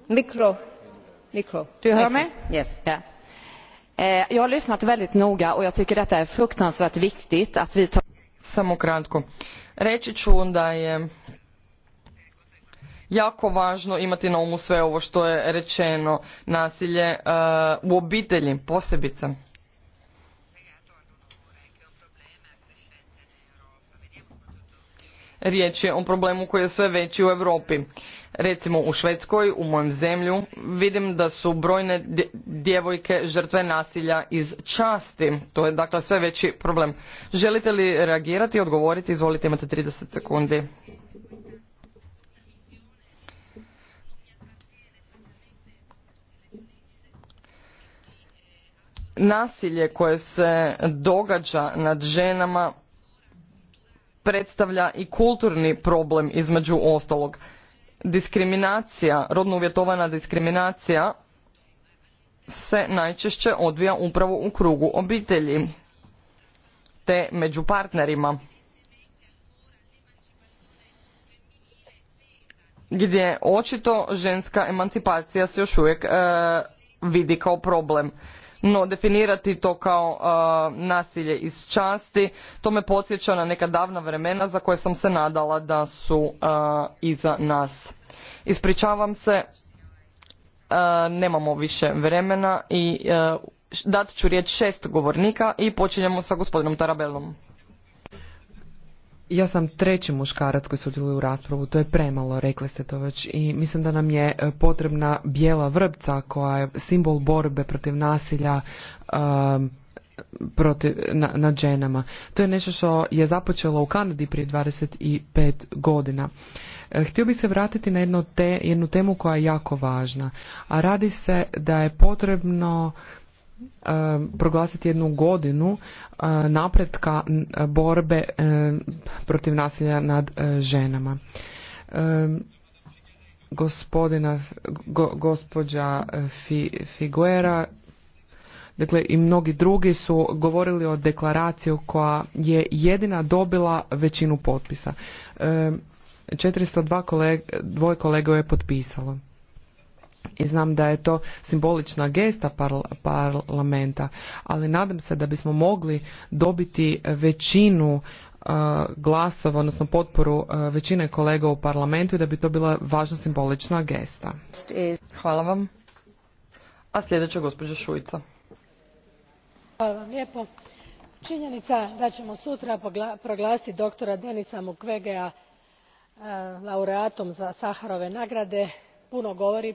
Mikro. Mikro. Du hör me? Yes. Yeah. jag har väldigt noga och jag tycker detta är fruktansvärt viktigt att vi tar... Samo kratko. Reći ću da je jako važno imati na umu sve ovo što je rečeno nasilje e, u obitelji posebice riječ je o problemu koji je sve veći u europi recimo u švedskoj u mojem zemlju vidim da su brojne djevojke žrtve nasilja iz časti to je dakle sve veći problem želite li reagirati i odgovoriti izvolite imate 30 sekundi nasilje koje se događa nad ženama predstavlja i kulturni problem između ostalog diskriminacija rodno uvjetovana diskriminacija se najčešće odvija upravo u krugu obitelji te među partnerima gdje očito ženska emancipacija se još uvijek e, vidi kao problem no definirati to kao nasilje iz časti to me podsjeća na neka davna vremena za koje sam se nadala da su iza nas ispričavam se nemamo više vremena i dat ću riječ šest govornika i počinjemo sa gospodinom Tarabelom ja sam treći muškarac koji sudjeluje u raspravu, to je premalo, rekli ste to već, i mislim da nam je e, potrebna bijela vrpca koja je simbol borbe protiv nasilja um, protiv, na, nad ženama. To je nešto što je započelo u Kanadi prije 25 godina. E, htio bih se vratiti na te, jednu temu koja je jako važna, a radi se da je potrebno Um, proglasiti jednu godinu uh, napretka borbe um, protiv nasilja nad uh, ženama. Um, gospodina, gospođa uh, Figuera, dakle i mnogi drugi su govorili o deklaraciju koja je jedina dobila većinu potpisa. 402 kolega, dvoje kolega je potpisalo i znam da je to simbolična gesta parlamenta, ali nadam se da bismo mogli dobiti većinu uh, glasova, odnosno potporu uh, većine kolega u parlamentu i da bi to bila važna simbolična gesta. Hvala vam. A sljedeća gospođa Šujica. Hvala vam lijepo. Činjenica da ćemo sutra proglasiti doktora Denisa Mukvegea uh, laureatom za Saharove nagrade puno govori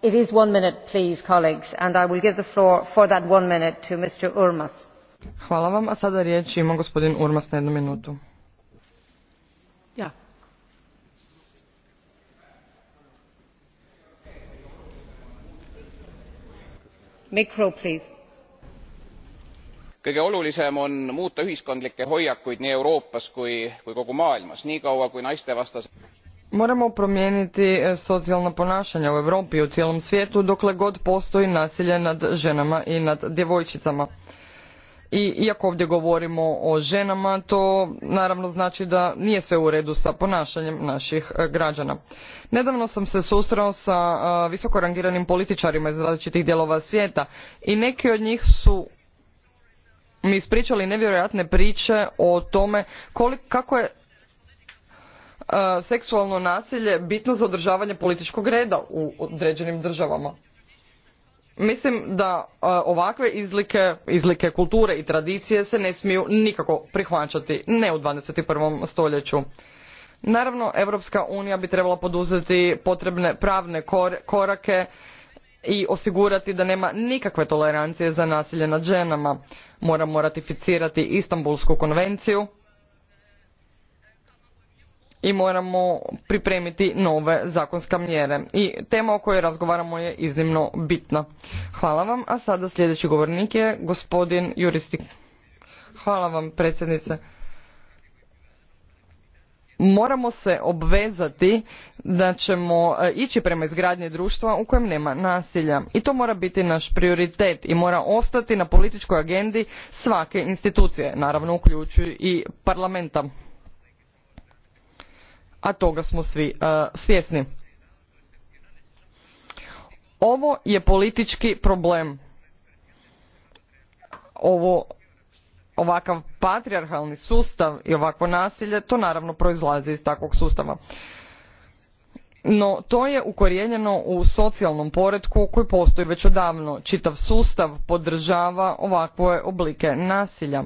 It is one minute please colleagues and I will give the floor for that one minute to Mr Urmas. Hvala vam, a sada riječi ima gospodin Urmas na jednu minutu. Ja. Micro please. Kõige olulisem on muuta ühiskondlike hoiakuid nii Euroopas kui kui kogu maailmas, nii gaua kui naiste vastas. Moramo promijeniti e, socijalno ponašanje u Europi i u cijelom svijetu dokle god postoji nasilje nad ženama i nad djevojčicama. I iako ovdje govorimo o ženama, to naravno znači da nije sve u redu sa ponašanjem naših e, građana. Nedavno sam se susreo sa e, visoko rangiranim političarima iz različitih dijelova svijeta i neki od njih su mi ispričali nevjerojatne priče o tome kako je E, seksualno nasilje bitno za održavanje političkog reda u određenim državama. Mislim da e, ovakve izlike, izlike kulture i tradicije se ne smiju nikako prihvaćati, ne u 21. stoljeću. Naravno, Europska unija bi trebala poduzeti potrebne pravne korake i osigurati da nema nikakve tolerancije za nasilje nad ženama. Moramo ratificirati Istanbulsku konvenciju i moramo pripremiti nove zakonske mjere. I tema o kojoj razgovaramo je iznimno bitna. Hvala vam, a sada sljedeći govornik je gospodin Juristik. Hvala vam, predsjednice. Moramo se obvezati da ćemo e, ići prema izgradnji društva u kojem nema nasilja. I to mora biti naš prioritet i mora ostati na političkoj agendi svake institucije, naravno uključujući i parlamenta a toga smo svi e, svjesni ovo je politički problem ovo ovakav patrijarhalni sustav i ovakvo nasilje to naravno proizlazi iz takvog sustava no to je ukorijenjeno u socijalnom poretku koji postoji već odavno čitav sustav podržava ovakve oblike nasilja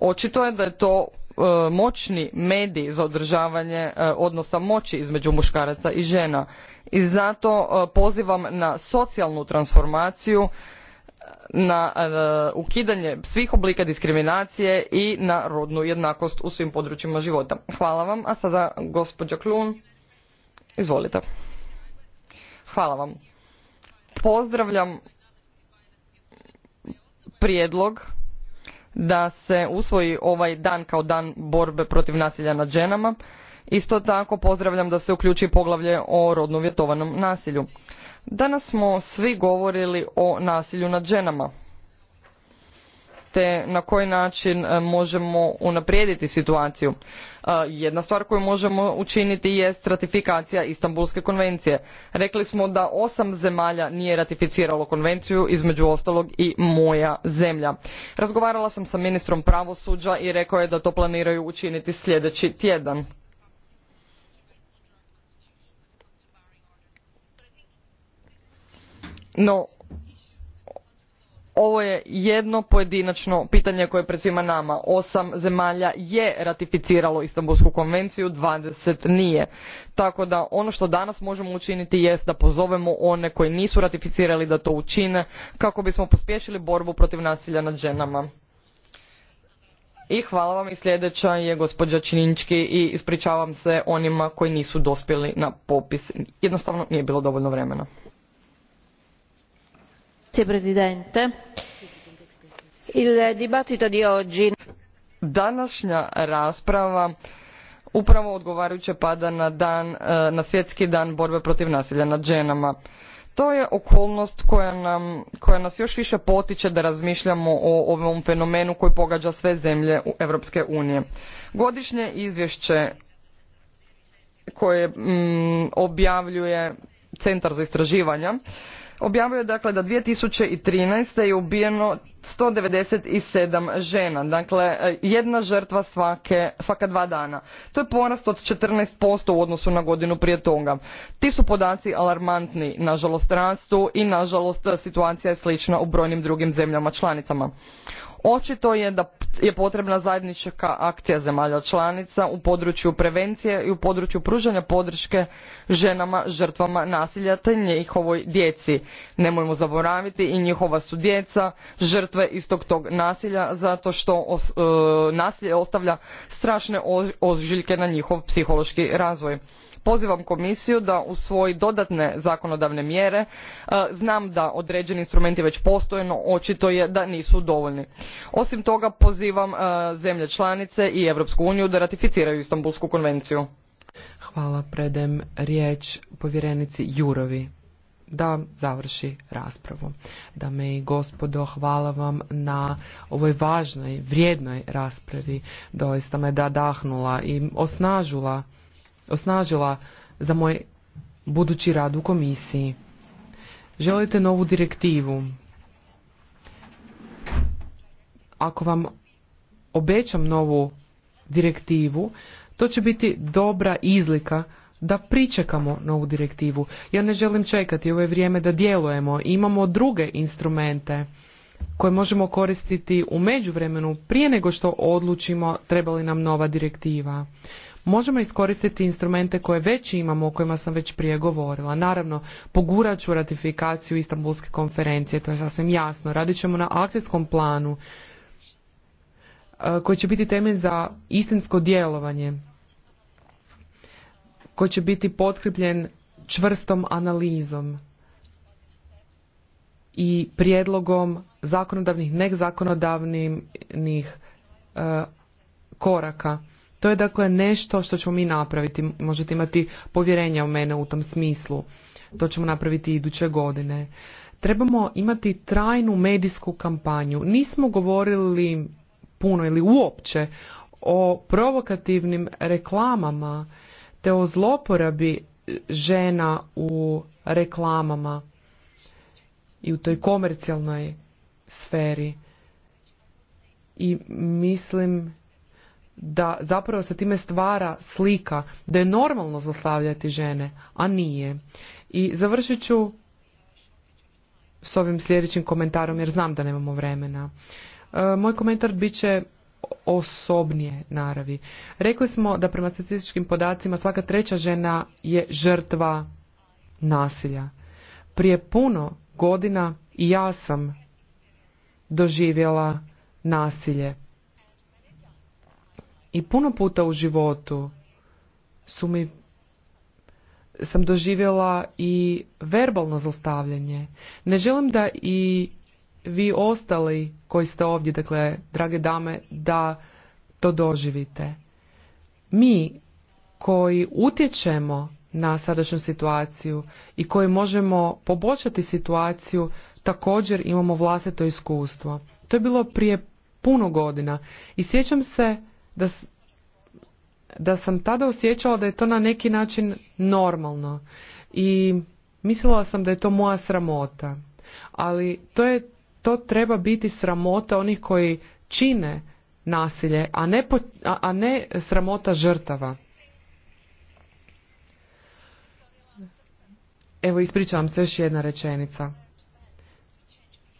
očito je da je to E, moćni mediji za održavanje e, odnosa moći između muškaraca i žena i zato e, pozivam na socijalnu transformaciju na ukidanje svih oblika diskriminacije i na rodnu jednakost u svim područjima života. Hvala vam. A sada gospođa Klun, izvolite. Hvala vam. Pozdravljam prijedlog da se usvoji ovaj dan kao dan borbe protiv nasilja nad ženama isto tako pozdravljam da se uključi poglavlje o rodno uvjetovanom nasilju danas smo svi govorili o nasilju nad ženama te na koji način e, možemo unaprijediti situaciju jedna stvar koju možemo učiniti jest ratifikacija Istanbulske konvencije. Rekli smo da osam zemalja nije ratificiralo konvenciju, između ostalog i moja zemlja. Razgovarala sam sa ministrom pravosuđa i rekao je da to planiraju učiniti sljedeći tjedan. No, ovo je jedno pojedinačno pitanje koje je pred svima nama osam zemalja je ratificiralo istanbulsku konvenciju dvadeset nije tako da ono što danas možemo učiniti jest da pozovemo one koji nisu ratificirali da to učine kako bismo pospješili borbu protiv nasilja nad ženama i hvala vam i sljedeća je gospođa Činički i ispričavam se onima koji nisu dospjeli na popis jednostavno nije bilo dovoljno vremena presidente današnja rasprava upravo odgovarajuće pada na, dan, eh, na svjetski dan borbe protiv nasilja nad ženama. to je okolnost koja, nas još više potiče da razmišljamo o ovom fenomenu koji pogađa sve zemlje europske unije. godišnje izvješće koje mm, objavljuje centar za istraživanja objavio je dakle da 2013. je ubijeno 197 žena, dakle jedna žrtva svaka dva dana. To je porast od 14% u odnosu na godinu prije toga. Ti su podaci alarmantni, nažalost rastu i nažalost situacija je slična u brojnim drugim zemljama članicama. Očito je da je potrebna zajednička akcija zemalja članica u području prevencije i u području pružanja podrške ženama žrtvama nasilja te njihovoj djeci. Nemojmo zaboraviti i njihova su djeca žrtve istog tog nasilja zato što e, nasilje ostavlja strašne ožiljke na njihov psihološki razvoj pozivam komisiju da usvoji dodatne zakonodavne mjere e, znam da određeni instrumenti već postoje no očito je da nisu dovoljni osim toga pozivam e, zemlje članice i europsku uniju da ratificiraju istanbulsku konvenciju hvala predem riječ povjerenici jurovi da završi raspravu. Dame i gospodo, hvala vam na ovoj važnoj, vrijednoj raspravi. Doista me dadahnula i osnažula osnažila za moj budući rad u komisiji. Želite novu direktivu? Ako vam obećam novu direktivu, to će biti dobra izlika da pričekamo novu direktivu. Ja ne želim čekati, ovo je vrijeme da djelujemo. Imamo druge instrumente koje možemo koristiti u međuvremenu prije nego što odlučimo treba li nam nova direktiva možemo iskoristiti instrumente koje već imamo, o kojima sam već prije govorila. Naravno, pogurat ću ratifikaciju Istanbulske konferencije, to je sasvim jasno. Radit ćemo na akcijskom planu e, koji će biti temelj za istinsko djelovanje, koji će biti potkripljen čvrstom analizom i prijedlogom zakonodavnih, nek e, koraka. To je dakle nešto što ćemo mi napraviti. Možete imati povjerenja u mene u tom smislu. To ćemo napraviti iduće godine. Trebamo imati trajnu medijsku kampanju. Nismo govorili puno ili uopće o provokativnim reklamama te o zloporabi žena u reklamama i u toj komercijalnoj sferi. I mislim da zapravo se time stvara slika da je normalno zlostavljati žene, a nije. I završit ću s ovim sljedećim komentarom jer znam da nemamo vremena. E, moj komentar bit će osobnije naravi. Rekli smo da prema statističkim podacima svaka treća žena je žrtva nasilja. Prije puno godina i ja sam doživjela nasilje i puno puta u životu su mi sam doživjela i verbalno zlostavljanje. Ne želim da i vi ostali koji ste ovdje, dakle, drage dame, da to doživite. Mi koji utječemo na sadašnju situaciju i koji možemo poboljšati situaciju, također imamo vlastito iskustvo. To je bilo prije puno godina i sjećam se da, da sam tada osjećala da je to na neki način normalno i mislila sam da je to moja sramota ali to je to treba biti sramota onih koji čine nasilje a ne, a, a ne sramota žrtava evo ispričavam se još jedna rečenica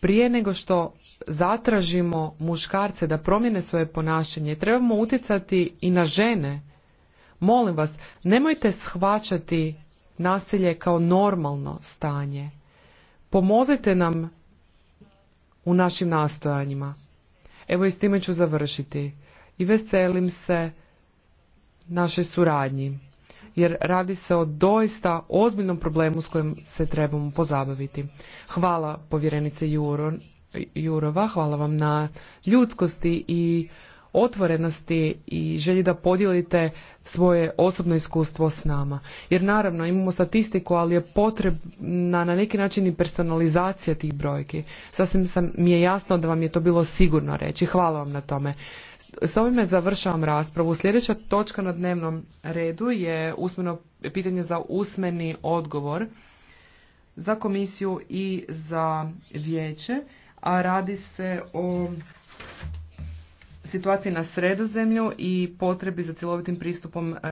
prije nego što zatražimo muškarce da promjene svoje ponašanje, trebamo utjecati i na žene. Molim vas, nemojte shvaćati nasilje kao normalno stanje. Pomozite nam u našim nastojanjima. Evo i s time ću završiti. I veselim se našoj suradnji, jer radi se o doista ozbiljnom problemu s kojim se trebamo pozabaviti. Hvala povjerenice Juron Jurova, hvala vam na ljudskosti i otvorenosti i želji da podijelite svoje osobno iskustvo s nama. Jer naravno imamo statistiku, ali je potrebna na neki način i personalizacija tih brojki. Sasvim sam, mi je jasno da vam je to bilo sigurno reći. Hvala vam na tome. S ovime završavam raspravu. Sljedeća točka na dnevnom redu je usmeno, pitanje za usmeni odgovor za komisiju i za vijeće a radi se o situaciji na sredozemlju i potrebi za cjelovitim pristupom